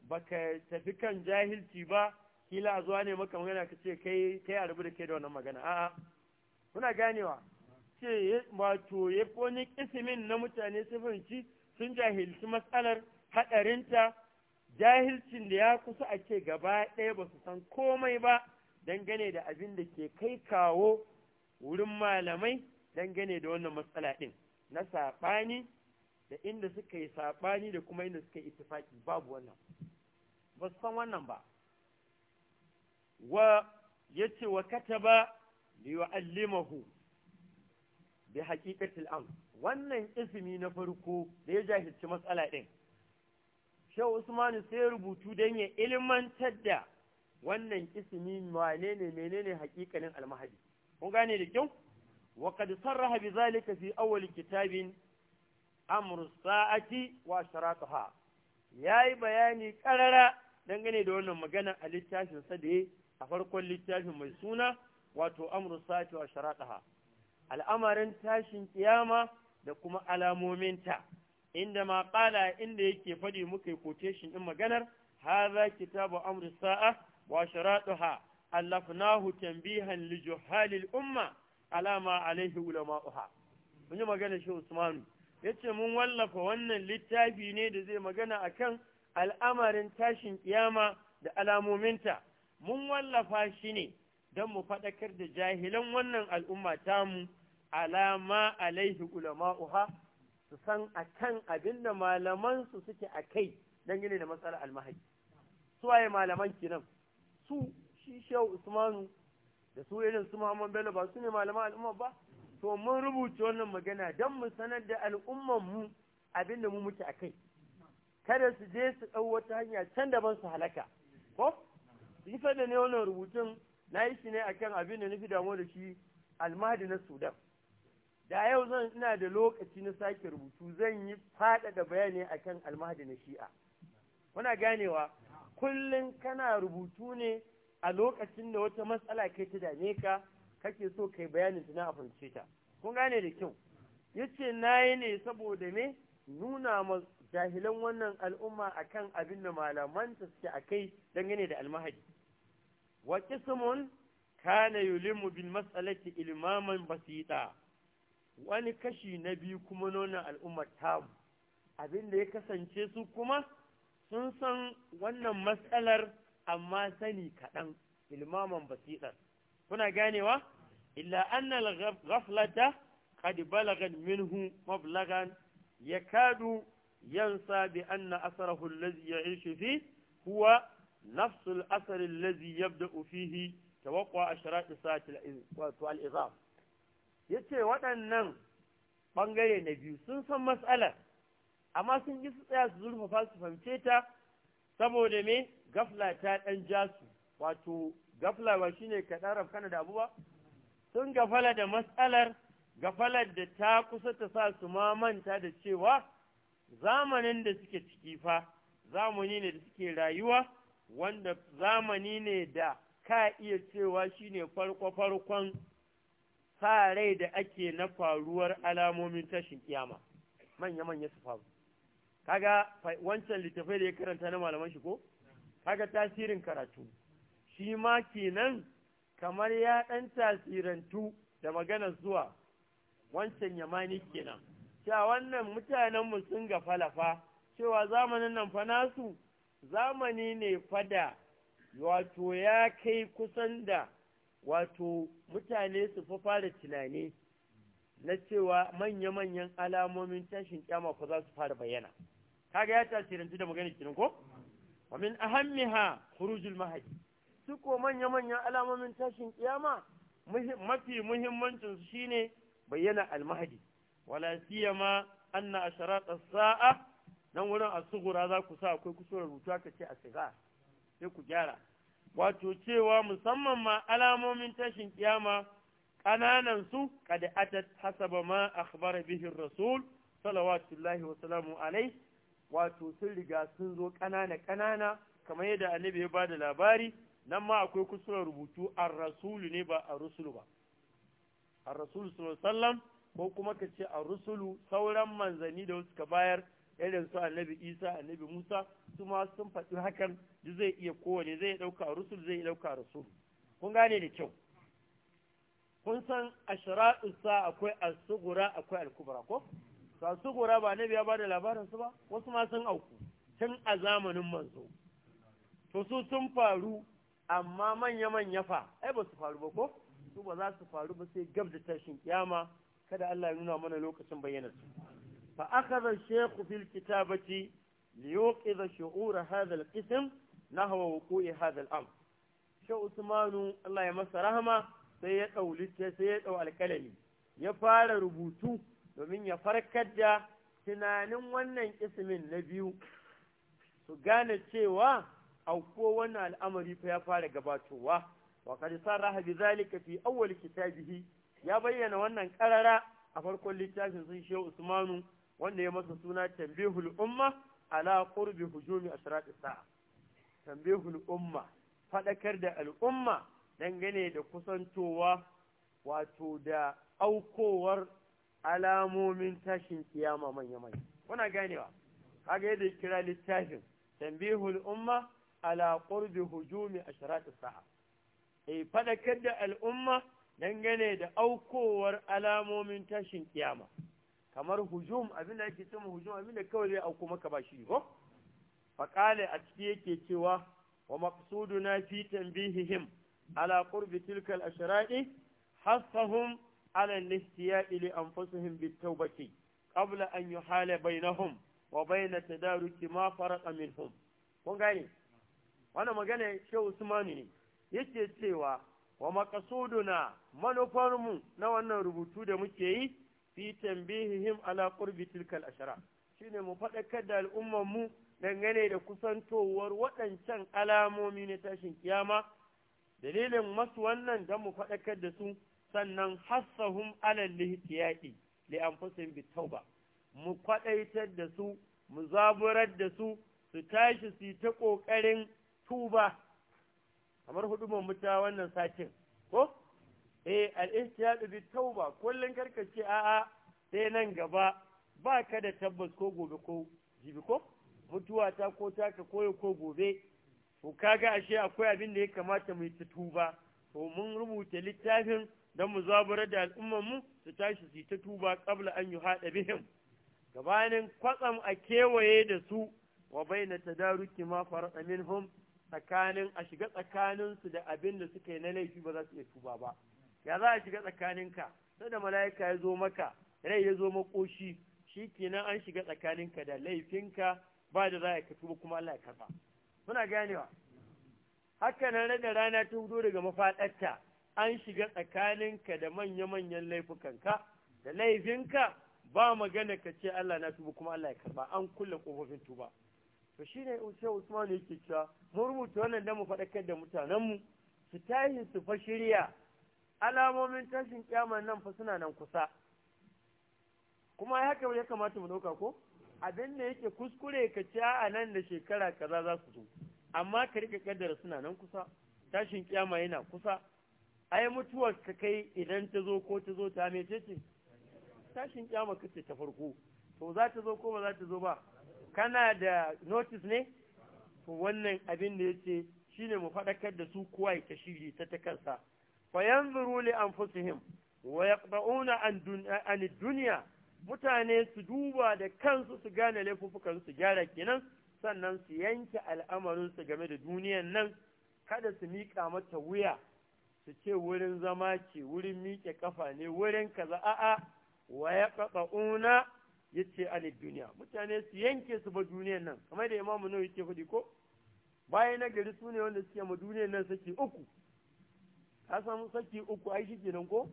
ba ka tafi kan jahilci ba kila a zuwa ne maka magana ka ce kai kai a rubu da kai da wannan magana a'a kuna ganewa ce wato ya wani kisimin na mutane sifinci sun jahilci matsalar hadarinta jahilcin da ya kusa a ce gaba ɗaya ba su san komai ba dangane da abin da ke kai kawo wurin malamai dangane da wannan matsala ɗin na saɓani da inda suka yi saɓani da kuma inda suka yi itifaki babu wannan ba san wannan ba wa ya ce wa ba da yi allimahu da haƙiƙatul am wannan ismi na farko da ya jahilci matsala ɗin shehu usmanu sai rubutu don ya ilmantar da wannan ismi wane ne menene haƙiƙanin almahadi kun gane da kyau وقد صرح بذلك في أول كتاب أمر الساعة وأشراطها yayi bayani karara dangane da wannan magana a littafin sa da a farkon littafin mai suna wato amru sa'ati wa sharataha al'amarin tashin ƙiyama da kuma alamominta inda maƙala inda yake faɗi muka yi quotation din maganar hadha kitabu amru sa'a wa sharataha allafnahu tanbihan li juhalil umma alama alaihi ulama uha mun yi magana shi usmanu yace mun wallafa wannan littafi ne da zai magana akan al'amarin tashin kiyama da alamominta mun wallafa shi ne don mu faɗakar da jahilan wannan al'umma mu alama alaihi ulama uha su san akan abin da su suke a kai dangane da matsalar almahai waye malaman kinan su shi shehu usmanu da su irin su Muhammad Bello ba su ne malaman al'umma ba to mun rubuce wannan magana don mu sanar da al'umman mu abin da mu muke a kai kada su je su ɗau wata hanya can daban su halaka ko yi da ne wannan rubutun na shi ne akan abin da nufi damuwa da shi almahdi na sudan da yau zan ina da lokaci na sake rubutu zan yi faɗaɗa bayani akan almahdi na shi'a muna ganewa kullum kana rubutu ne a lokacin da wata matsala kai ta dame ka kake so kai bayanin tana a fahimce ta kun gane da kyau yace nayi ne saboda me nuna ma jahilan wannan al'umma akan abin da malaman ta suke akai dangane da almahadi wa qismun kana yulimu bil mas'alati ilmaman basita wani kashi na biyu kuma nuna al'umma ta. abin da ya kasance su kuma sun san wannan matsalar amma sani kaɗan ilmaman basiɗar kuna ganewa illa annal ghaflata qad balagan minhu mablagan yakadu yansa bi anna asarahu allazi ya'ishu fi huwa nafsu al-asar allazi yabda'u fihi tawaqqa ashraq sa'ati al-izam yace waɗannan bangare na biyu sun san mas'alar amma sun ji su tsaya su zurfafa su fahimce ta saboda me gafla ta ɗan jasu wato gafla ba shine ka ɗan rafkana da abu ba sun gafala da matsalar gafalar da ta kusa ta sa su ma manta da cewa zamanin da suke ciki fa zamani ne da suke rayuwa wanda zamani ne da ka iya cewa shine farko-farkon sa rai da ake na faruwar alamomin tashin kiyama manya-manya su faru kaga wancan littafai da ya karanta na malaman shi ko haka tasirin karatu shi ma kenan kamar ya ɗan tasirantu da maganar zuwa wancan yamani kenan cewa wannan mu sun ga falafa cewa zamanin nan fa nasu zamani ne fada wato ya kai kusan da wato mutane su fa fara tunani na cewa manya-manyan alamomin tashin kyama fa za su fara bayyana kaga ya tasirantu da maganar kenan ko wa min ahammiha khurujul mahdi su ko manya manyan alamomin tashin kiyama mafi muhimmancinsu shine bayyana al-mahdi wala siyama anna asharat as-sa'a nan wurin as za ku sa akwai kusa rubuta ka ce as sai ku gyara wato cewa musamman ma alamomin tashin kiyama ƙananan su kad atat hasaba ma akhbara bihi rasul sallallahu wa sallamu alaihi wato sun riga sun zo ƙanana ƙanana kamar yadda annabi ya ba da labari nan ma akwai kusurar rubutu ar rasulu ne ba ar rusulu ba ar rasulu sallallahu ko kuma ka ce ar rusulu sauran manzanni da suka bayar irin su annabi isa annabi musa su ma sun faɗi hakan duk zai iya kowane zai ɗauka rusul zai ɗauka rasul kun gane da kyau kun san ashra'u sa akwai asugura sughra akwai al ko to su gora ba nabi ya bada labarin su ba wasu ma sun auku tun a zamanin manzo to su sun faru amma manya manya fa ai ba su faru ba ko su ba za su faru ba sai gab da tashin kiyama kada Allah ya nuna mana lokacin bayyana su fa akhadha ash-shaykh fil kitabati liyuqidha shu'ur hadha al-qism nahwa wuqu'i hadha al-amr shi Usmanu Allah ya masa rahma sai ya dau sai ya dau alkalami ya fara rubutu domin ya farkar da tunanin wannan ismin na biyu su gane cewa auko wannan al'amari fa ya fara gabatowa wa qad raha bi zalika fi awwal kitabihi ya bayyana wannan karara a farkon littafin sun shehu Usmanu wanda ya masa suna tambihul umma ala qurbi hujumi asrati sa'a tambihul umma fadakar da al'umma dangane da kusantowa wato da aukowar alamomin tashin kiyama manya-manya kuna ganewa kaga yadda kira littafin tambihul umma ala hujumi asharatu sa'a eh, fadakar da al'umma dangane da aukowar alamomin tashin kiyama kamar hujum abinda yake cewa hujum abinda kawai zai auko maka ba shi ko faƙale a ciki yake cewa wa na fi tambihihim ala qurbi tilka al-asharati hasahum على الاهتياء لأنفسهم بالتوبة قبل أن يحال بينهم وبين تدارك ما فرق منهم kun gane wannan magana shi Usmani ne yake cewa wa maqsuduna manufarmu na wannan rubutu da muke yi fi tanbihihim ala qurbi tilkal ashara shine mu faɗakar da al'ummar mu dangane da kusantowar waɗancan alamomi na tashin kiyama dalilin masu wannan don mu faɗakar da su sannan hassahum alal lihtiyaqi li bi tauba mu kwadaitar da su mu zaburar da su su tashi su ta kokarin tuba kamar mu muta wannan satin ko eh al bi tauba kullun karkace a'a sai nan gaba ba ka da tabbas ko gobe ko jibi ko mutuwa ta ko ka koyo ko gobe ko kaga ashe akwai abin da ya kamata mu yi tuba to mun rubuta littafin don mu zabar da mu su tashi su ta tuba kabla an yi haɗa bihim gabanin kwatsam a kewaye da su wa bai na tadaruki ma faraɗa minhum tsakanin a shiga tsakaninsu da abin da suka yi na laifi ba za su iya tuba ba ya za a shiga tsakanin sai da mala'ika ya zo maka rai ya zo makoshi shi kenan an shiga tsakanin ka da laifinka ba da za ka tuba kuma Allah ya karba muna ganewa haka nan da rana ta hudo daga mafaɗarta an shiga tsakaninka da manya-manyan laifukanka da laifinka ba magana ka ce Allah na tuba kuma Allah ya karba an kulle kofofin tuba to shine sai Usman yake cewa mu rubuta wannan da mu faɗakar da mutanenmu su tashi su fa shirya alamomin tashin kiyama nan fa suna nan kusa kuma haka ya kamata mu ɗauka ko abin da yake kuskure ka ci a nan da shekara kaza za su zo amma ka rika kaddara suna nan kusa tashin kiyama yana kusa ai mutuwar ka kai idan ta zo ko ta zo ta mece ce tashin kyama kace ta farko to za ta zo ko ba za ta zo ba kana da notice ne to wannan abin da yace shine mu faɗakar da su kowa ya shiri ta ta kansa fa yanzuru li anfusihim wa yaqba'una an dunya mutane su duba da kansu su gane laifukan su gyara kenan sannan su yanke al'amarin su game da duniyan nan kada su mika mata wuya su ce wurin zama ce wurin miƙe kafa ne wurin kaza a'a wa ya una ya ce ani duniya mutane su yanke su ba duniyan nan kamar da imamu nau yake faɗi ko bayan na gari su ne wanda suke ma duniyan nan saki uku ka samu saki uku ai shi kenan ko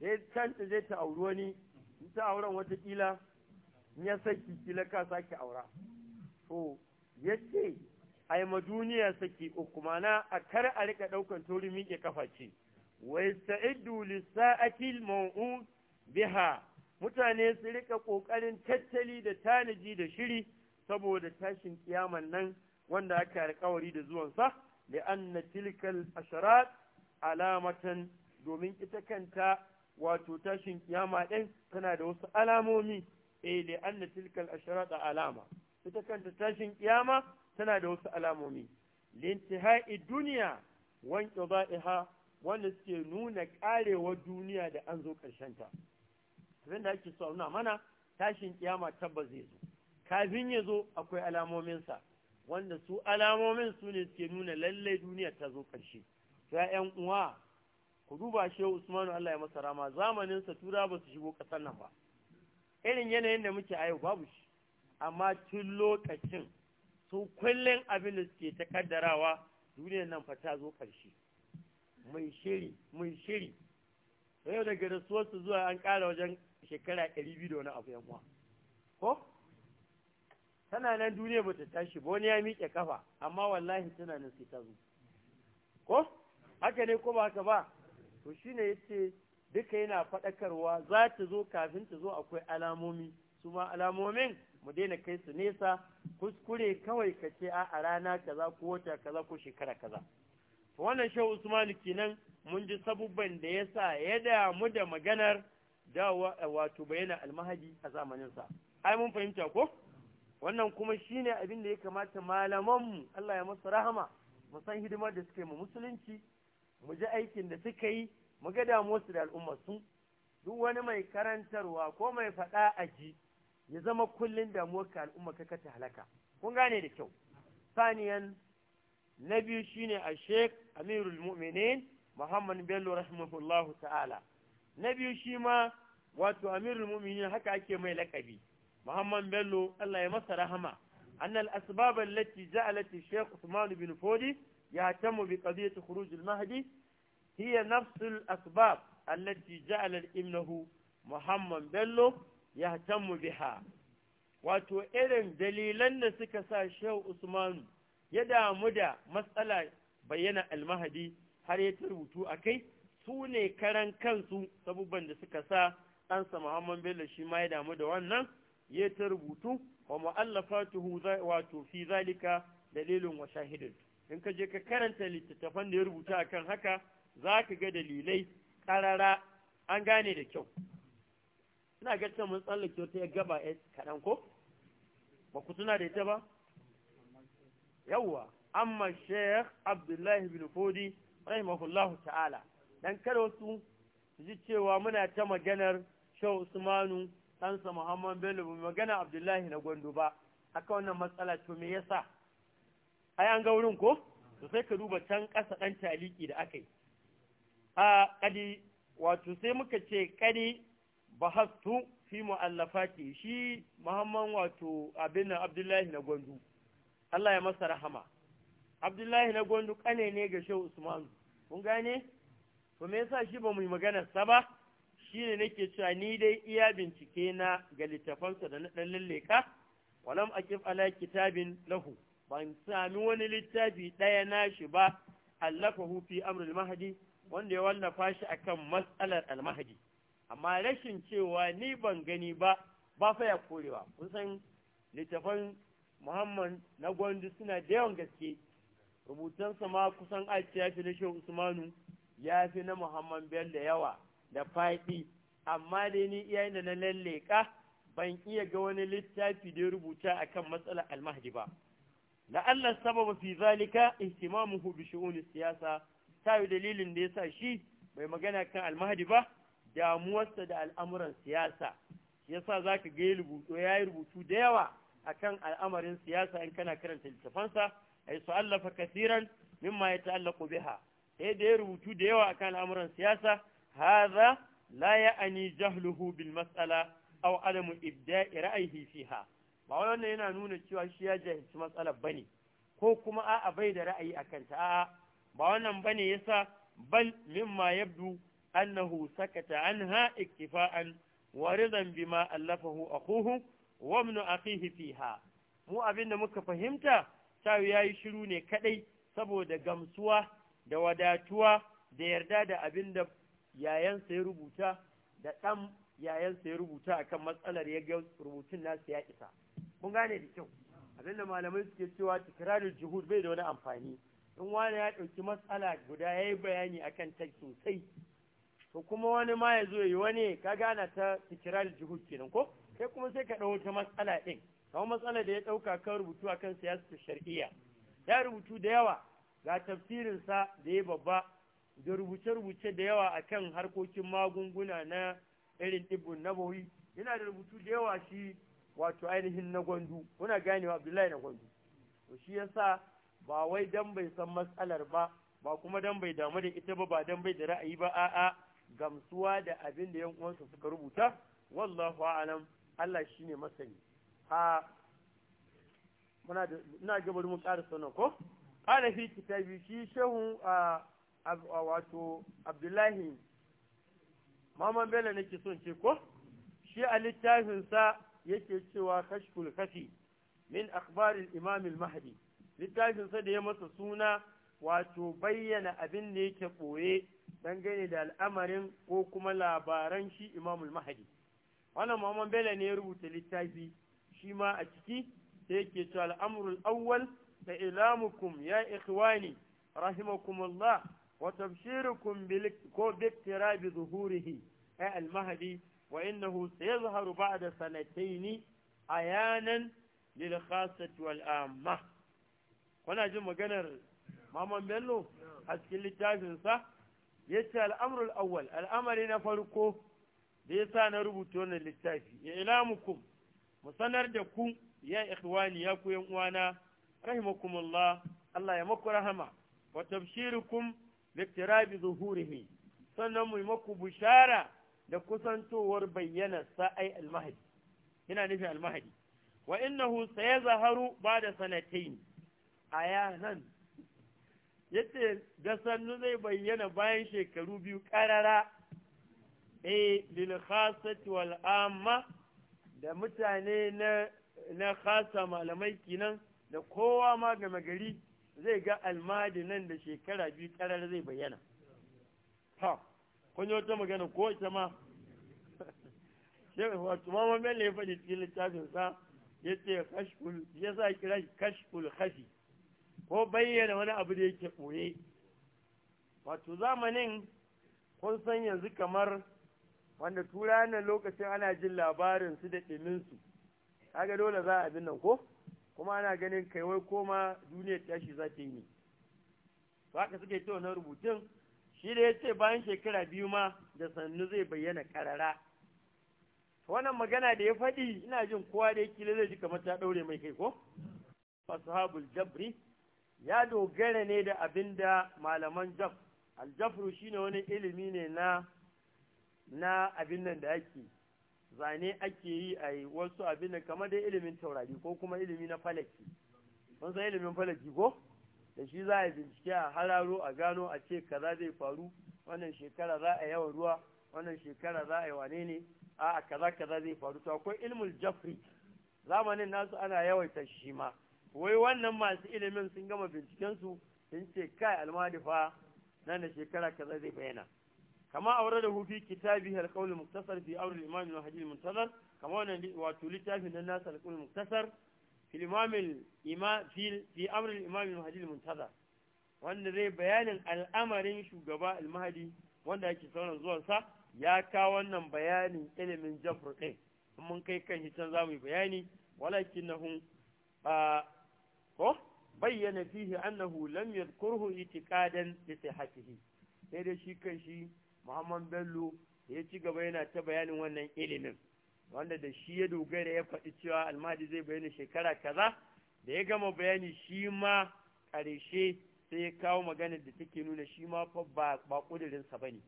sai can ta zai ta auri wani in ta auren watakila ya saki kila ka sake aura to ya ce ai ma duniya saki uku mana a kar a rika daukan tori miƙe kafa ce wa yasta'iddu lisa'atil maw'ud biha mutane su rika kokarin tattali da tanaji da shiri saboda tashin kiyaman nan wanda aka alƙawari da zuwansa da anna tilkal asharat alamatan domin ita kanta wato tashin kiyama din tana da wasu alamomi eh li anna tilkal asharat alama ita kanta tashin kiyama tana da wasu alamomi lintihai duniya wan qada'iha wanda suke nuna ƙarewar duniya da an zo karshen ta abin da ake so nuna mana tashin kiyama tabbas zai zo kafin ya zo akwai alamominsa wanda su alamomin su ne suke nuna lallai duniya ta zo karshe ya ƴan uwa ku duba shehu Usmanu Allah ya masa rama zamanin sa tura ba su shigo ƙasar nan ba irin yanayin da muke a yau babu shi amma tun lokacin su kullum abin da suke ta kaddarawa duniyar nan fa ta zo ƙarshe mun shiri mun shiri yau daga su zuwa an ƙara wajen shekara ɗari biyu da wani abu yan uwa ko tana nan duniya ba ta tashi ba wani ya miƙe kafa amma wallahi tana nan sai ta zo ko haka ne ko ba haka ba to shine yace duka yana faɗakarwa za ta zo kafin ta zo akwai alamomi su ma alamomin mu daina kai su nesa kuskure kawai ka ce a rana kaza ko wata kaza ko shekara kaza wannan shehu usmanu kenan mun ji sabubban da ya sa ya damu da maganar da wato bayyana almahadi a zamanin sa. ai mun fahimta ko wannan kuma shine abin da ya kamata malaman mu Allah ya masa rahama mu san hidimar da suke mu musulunci mu ji aikin da suka yi mu ga su da su duk wani mai karantarwa ko mai faɗa a ji ya zama kullin damuwar ka al'umma ka kata halaka kun gane da kyau saniyan na biyu shine a sheikh amirul mu'minin bello rahimahullahu ta'ala na biyu shi ma wato amirul mu'minin haka ake mai lakabi muhammad bello Allah ya masa rahama annal asbab allati ja'alat sheikh usman bin fodi يهتم ta خروج المهدي hiya nafsul asbab التي جعل ابنه محمد bello. ya biha wato irin dalilan da suka sa shehu usmanu ya damu da matsala bayyana almahadi har ya rubutu a kai su ne karan kansu sabubban da suka sa ɗansa muhammad bello shi ma ya damu da wannan ya ta rubutu wa mu'allafatuhu wato fi zalika dalilin wa shahidin in ka je ka karanta littattafan da ya rubuta akan haka za ka ga dalilai ƙarara an gane da kyau ina ga ta mun tsallake wata ya gaba ya kaɗan ko ba ku tuna da ita ba yawwa amma sheikh abdullahi bin fodi rahimahullahu ta'ala dan kada wasu su ji cewa muna ta maganar shau usmanu ɗansa muhammad bello ba magana abdullahi na gwando ba haka wannan matsala to me yasa ai an ga wurin ko to sai ka duba can ƙasa ɗan taliki da aka yi a ƙadi wato sai muka ce ƙadi bahastu fi mu'allafati shi muhammad wato abin abdullahi na gwandu Allah ya masa rahama abdullahi na gwandu kane ne ga shehu usman kun gane to me yasa shi ba mu yi magana sa ba shine nake cewa ni dai iya bincike na ga littafansa da na dan lalleka walam aqif ala kitabin lahu ban sami wani littafi daya shi ba allafahu fi amrul mahdi wanda ya wallafa shi akan mas'alar al-mahdi amma rashin cewa ni ban gani ba ba fa ya korewa kun littafan muhammad na gwandu suna da yawan gaske rubutansa ma kusan aci ya fi na shehu usmanu ya fi na muhammad bello yawa da faɗi amma dai ni iyayen da na lalleka ban iya ga wani littafi da ya rubuta akan matsalar almahdi ba la'allar sababa fi zalika ihtimamu bi shu'uni siyasa ta yi dalilin da sa shi bai magana kan almahdi ba damuwarsa da al'amuran siyasa yasa za ka ga ya rubutu yi rubutu da yawa akan al'amarin siyasa in kana karanta littafansa ay su'allafa kasiran mimma yata'allaqu biha sai da ya rubutu da yawa akan al'amuran siyasa haza la ya'ani jahluhu bil mas'ala aw adamu ibda'i ra'ayhi fiha ba wannan yana nuna cewa shi ya jahilci matsala bane ko kuma a'a bai da ra'ayi a ta a'a ba wannan bane yasa bal mimma yabdu annahu sakata anha iktifa'an wa ridan bima allafahu akhuhu wa ibn akhihi fiha mu abinda muka fahimta tayu yayi shiru ne kadai saboda gamsuwa da wadatuwa da yarda da abinda yayansa ya rubuta da dan yayansa ya rubuta akan matsalar ya ga rubutun nasu ya isa mun gane da kyau abinda malamai suke cewa tikrarin juhud bai da wani amfani in wani ya ɗauki matsala guda ya yi bayani akan ta sosai to kuma wani ma ya zo yi wani ka gana ta fikiral juhud kenan ko kai kuma sai ka ɗau ta matsala ɗin kamar matsala da ya ɗauka kan rubutu akan kan siyasar shar'iyya ya rubutu da yawa ga tafsirin sa da ya babba da rubuce-rubuce da yawa a kan harkokin magunguna na irin na nabawi yana da rubutu da yawa shi wato ainihin na gwandu kuna ganewa abdullahi na gwandu to shi yasa ba wai dan bai san matsalar ba ba kuma dan bai damu da ita ba ba dan bai da ra'ayi ba a'a gamsuwa da abin da yan uwansa suka rubuta wallahu a'lam Allah shi ne masani a muna ina ga bari mu ƙara sanan ko ƙara fi kitabi shi shehu a wato Abdullahi Maman Bello nake son ce ko shi a littafinsa yake cewa kashkul kafi min akbarin imamil mahadi mahdi littafinsa da ya masa suna wato bayyana abin da yake ɓoye dangane da al'amarin ko kuma labaran shi imamul mahadi wannan muhammad bello ne ya rubuta littafi shi ma a ciki da yake cewa al'amurul awwal da ilamukum ya ikhwani rahimakumullah wa tabshirukum ko biktira bi zuhurihi ay al-mahdi wa innahu sayazharu ba'da sanatayn ayanan lil khassati wal amma kuna jin maganar Maman Bello a cikin littafinsa ya ce al'amurul awwal al'amari na farko da ya sa na rubuta wannan littafi ya ilamukum mu sanar da ku ya ikhwani ya ku uwana rahimakumullah Allah ya maku rahama wa tabshirukum liktirabi zuhurihi sannan mu yi maku bushara da kusantowar bayyana sa'ai almahadi ina nufi almahadi wa innahu sayazaharu ba'da sanatayn ayanan yadda da sannu zai bayyana bayan shekaru biyu karara a e, lil khasati da mutane na khasa malamai kinan da kowa ma game gari zai ga almadi nan da shekara biyu karar zai bayyana ha kun yi wata magana ko ita ma wato wata mamman ne faɗi cikin littafin ya ce kashkul ya sa kira kashkul khafi ko bayyana wani abu da yake ɓoye wato zamanin kun san yanzu kamar wanda turanin lokacin ana jin labarin su da ɗiminsu kaga dole za a bin nan ko kuma ana ganin kaiwai koma duniyar tashi za ta yi ne ka haka suka yi ta rubutun shi da ya ce bayan shekara biyu ma da sannu zai bayyana karara wannan magana da ya faɗi ina jin kowa da ya kila zai ji kamar ta ɗaure mai kai ko ashabul jabri ya dogara ne da abin da malaman jaf aljafru shine wani ilimi ne na na abin nan da ake zane ake yi a wasu abin da kamar da ilimin taurari ko kuma ilimi na falaki mun san ilimin falaki ko da shi za a bincike a hararo a gano a ce kaza zai faru wannan shekara za a yawan ruwa wannan shekara za a yi wane ne a kaza kaza zai faru to akwai ilmul jafri zamanin nasu ana yawaita shi ma wai wannan masu ilimin sun gama bincikensu sun ce kai almadi fa nan da shekara kaza zai bayyana kama aure da hufi kitabi alƙawul muktasar fi aure imam ibn hajji muntazar kama wannan wato littafin nan nasa alƙawul muktasar fi imam fi amr imam ibn hajji muntazar wanda zai bayanin al'amarin shugaba al almahdi wanda yake sauran zuwansa ya kawo wannan bayanin ilimin jafur ɗin mun kai kan hitan za mu yi bayani walakin nahun ko bayyana fihi annahu lam yadhkurhu itiqadan bi sihhatihi sai dai shi kan shi Muhammad Bello ya ci gaba yana ta bayanin wannan ilimin wanda da shi ya dogara ya faɗi cewa almadi zai bayyana shekara kaza da ya gama bayani shi ma ƙarshe sai ya kawo maganar da take nuna shi ma fa ba ƙudurinsa ba ne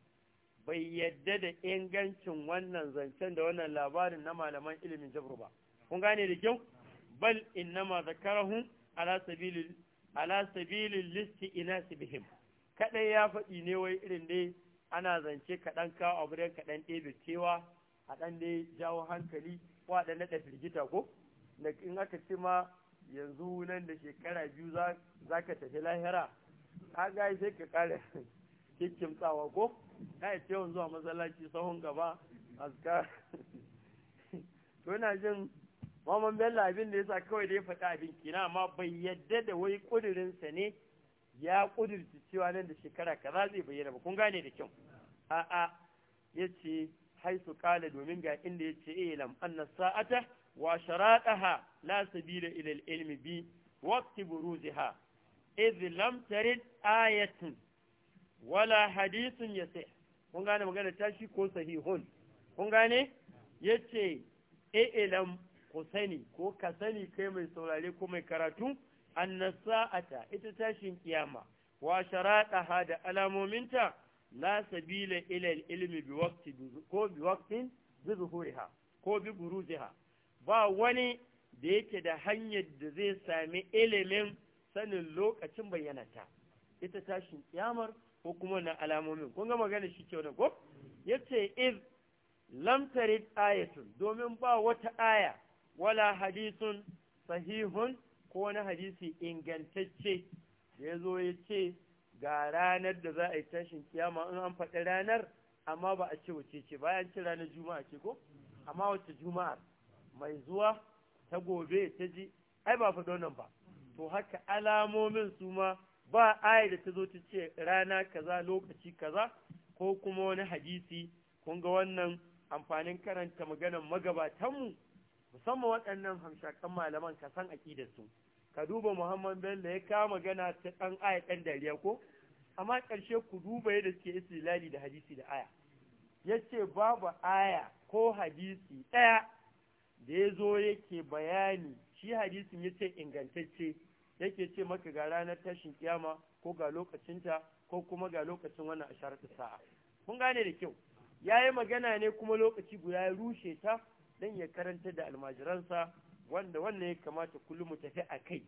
bai yadda da ingancin wannan zancen da wannan labarin na malaman ilimin jabru ba kun gane da kyau bal innama zakarahum ala sabilin ala sabilin listi ina bihim kaɗai ya faɗi ne wai irin dai ana zance kaɗan kawo abu dan kaɗan ɗebe cewa a ɗan dai jawo hankali ko a ɗan firgita ko in aka ce ma yanzu nan da shekara biyu za ka tafi lahira ka gaya sai ka ƙara kikkimtsawa ko ka yi ce yanzu a masallaci sahun gaba azkar to ina jin Maman Bello abin da yasa kawai da ya faɗa abin kina amma bai yadda da wai kudirinsa ne ya kudirci cewa nan da shekara kaza zai bayyana ba kun gane da kyau. A'a yace ce haisu qala domin ga inda yace eh lam anna sa'ata wa sharaqaha la sabila ila ilmi bi waqti buruziha idh lam tarid ayatun wala hadithun yasih kun gane magana tashi ko sahihun kun gane yace eh, lam. ku sani ko ka sani kai mai saurare ko mai karatu anna sa'ata ita tashin kiyama wa sharataha da alamominta la sabila ila ilmi bi waqti ko bi ko bi buruziha ba wani da yake da hanyar da zai sami ilimin sanin lokacin bayyanata ita tashin kiyamar ko kuma na alamomin kun ga magana shi kyau da ko yace iz lam tarid ayatun domin ba wata aya wala hadisun sahihun ko wani hadisi ingantacce da ya zo ya ce ga ranar da za a yi tashin kiyama in an faɗi ranar amma ba a ce wace ce bayan ce ranar juma'a ce ko amma wace juma'a mai zuwa ta gobe ta ji ai ba faɗo nan ba to haka alamomin su ma ba aya da ta zo ta ce rana kaza lokaci kaza ko kuma wani hadisi kun ga wannan amfanin karanta maganar magabatanmu musamman waɗannan hamshakan malaman ka san aƙidarsu ka duba muhammad bello ya kama gana ta ɗan aya ɗan dariya ko amma ƙarshe ku duba yadda suke istilali da hadisi da aya ya ce babu aya ko hadisi ɗaya da ya zo yake bayani shi hadisin ya ce ingantacce yake ce maka ga ranar tashin kiyama ko ga lokacinta ko kuma ga lokacin wannan asharar sa'a kun gane da kyau ya yi magana ne kuma lokaci guda ya rushe ta dan ya karanta da almajiransa wanda wannan ya kamata kullum mu tafi a kai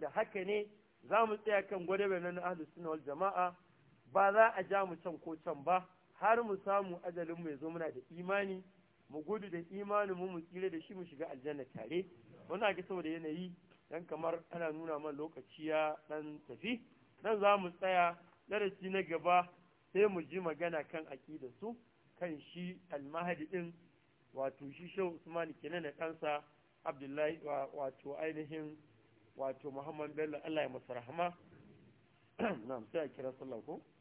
da haka ne za mu tsaya kan gwadabe nan ahlus sunna wal jama'a ba za a ja mu can ko can ba har mu samu ajalin mu yazo muna da imani mu gudu da imani mu mu tsire da shi mu shiga aljanna tare wannan ga saboda yanayi dan kamar ana nuna man lokaci ya dan tafi nan za mu tsaya darasi na gaba sai mu ji magana kan aqidar su kan shi almahadi din wato shi shehu usman kenan da kansa abdullahi wato ainihin wato muhammad bello allah ya masa rahama na sai ya kira sallah ko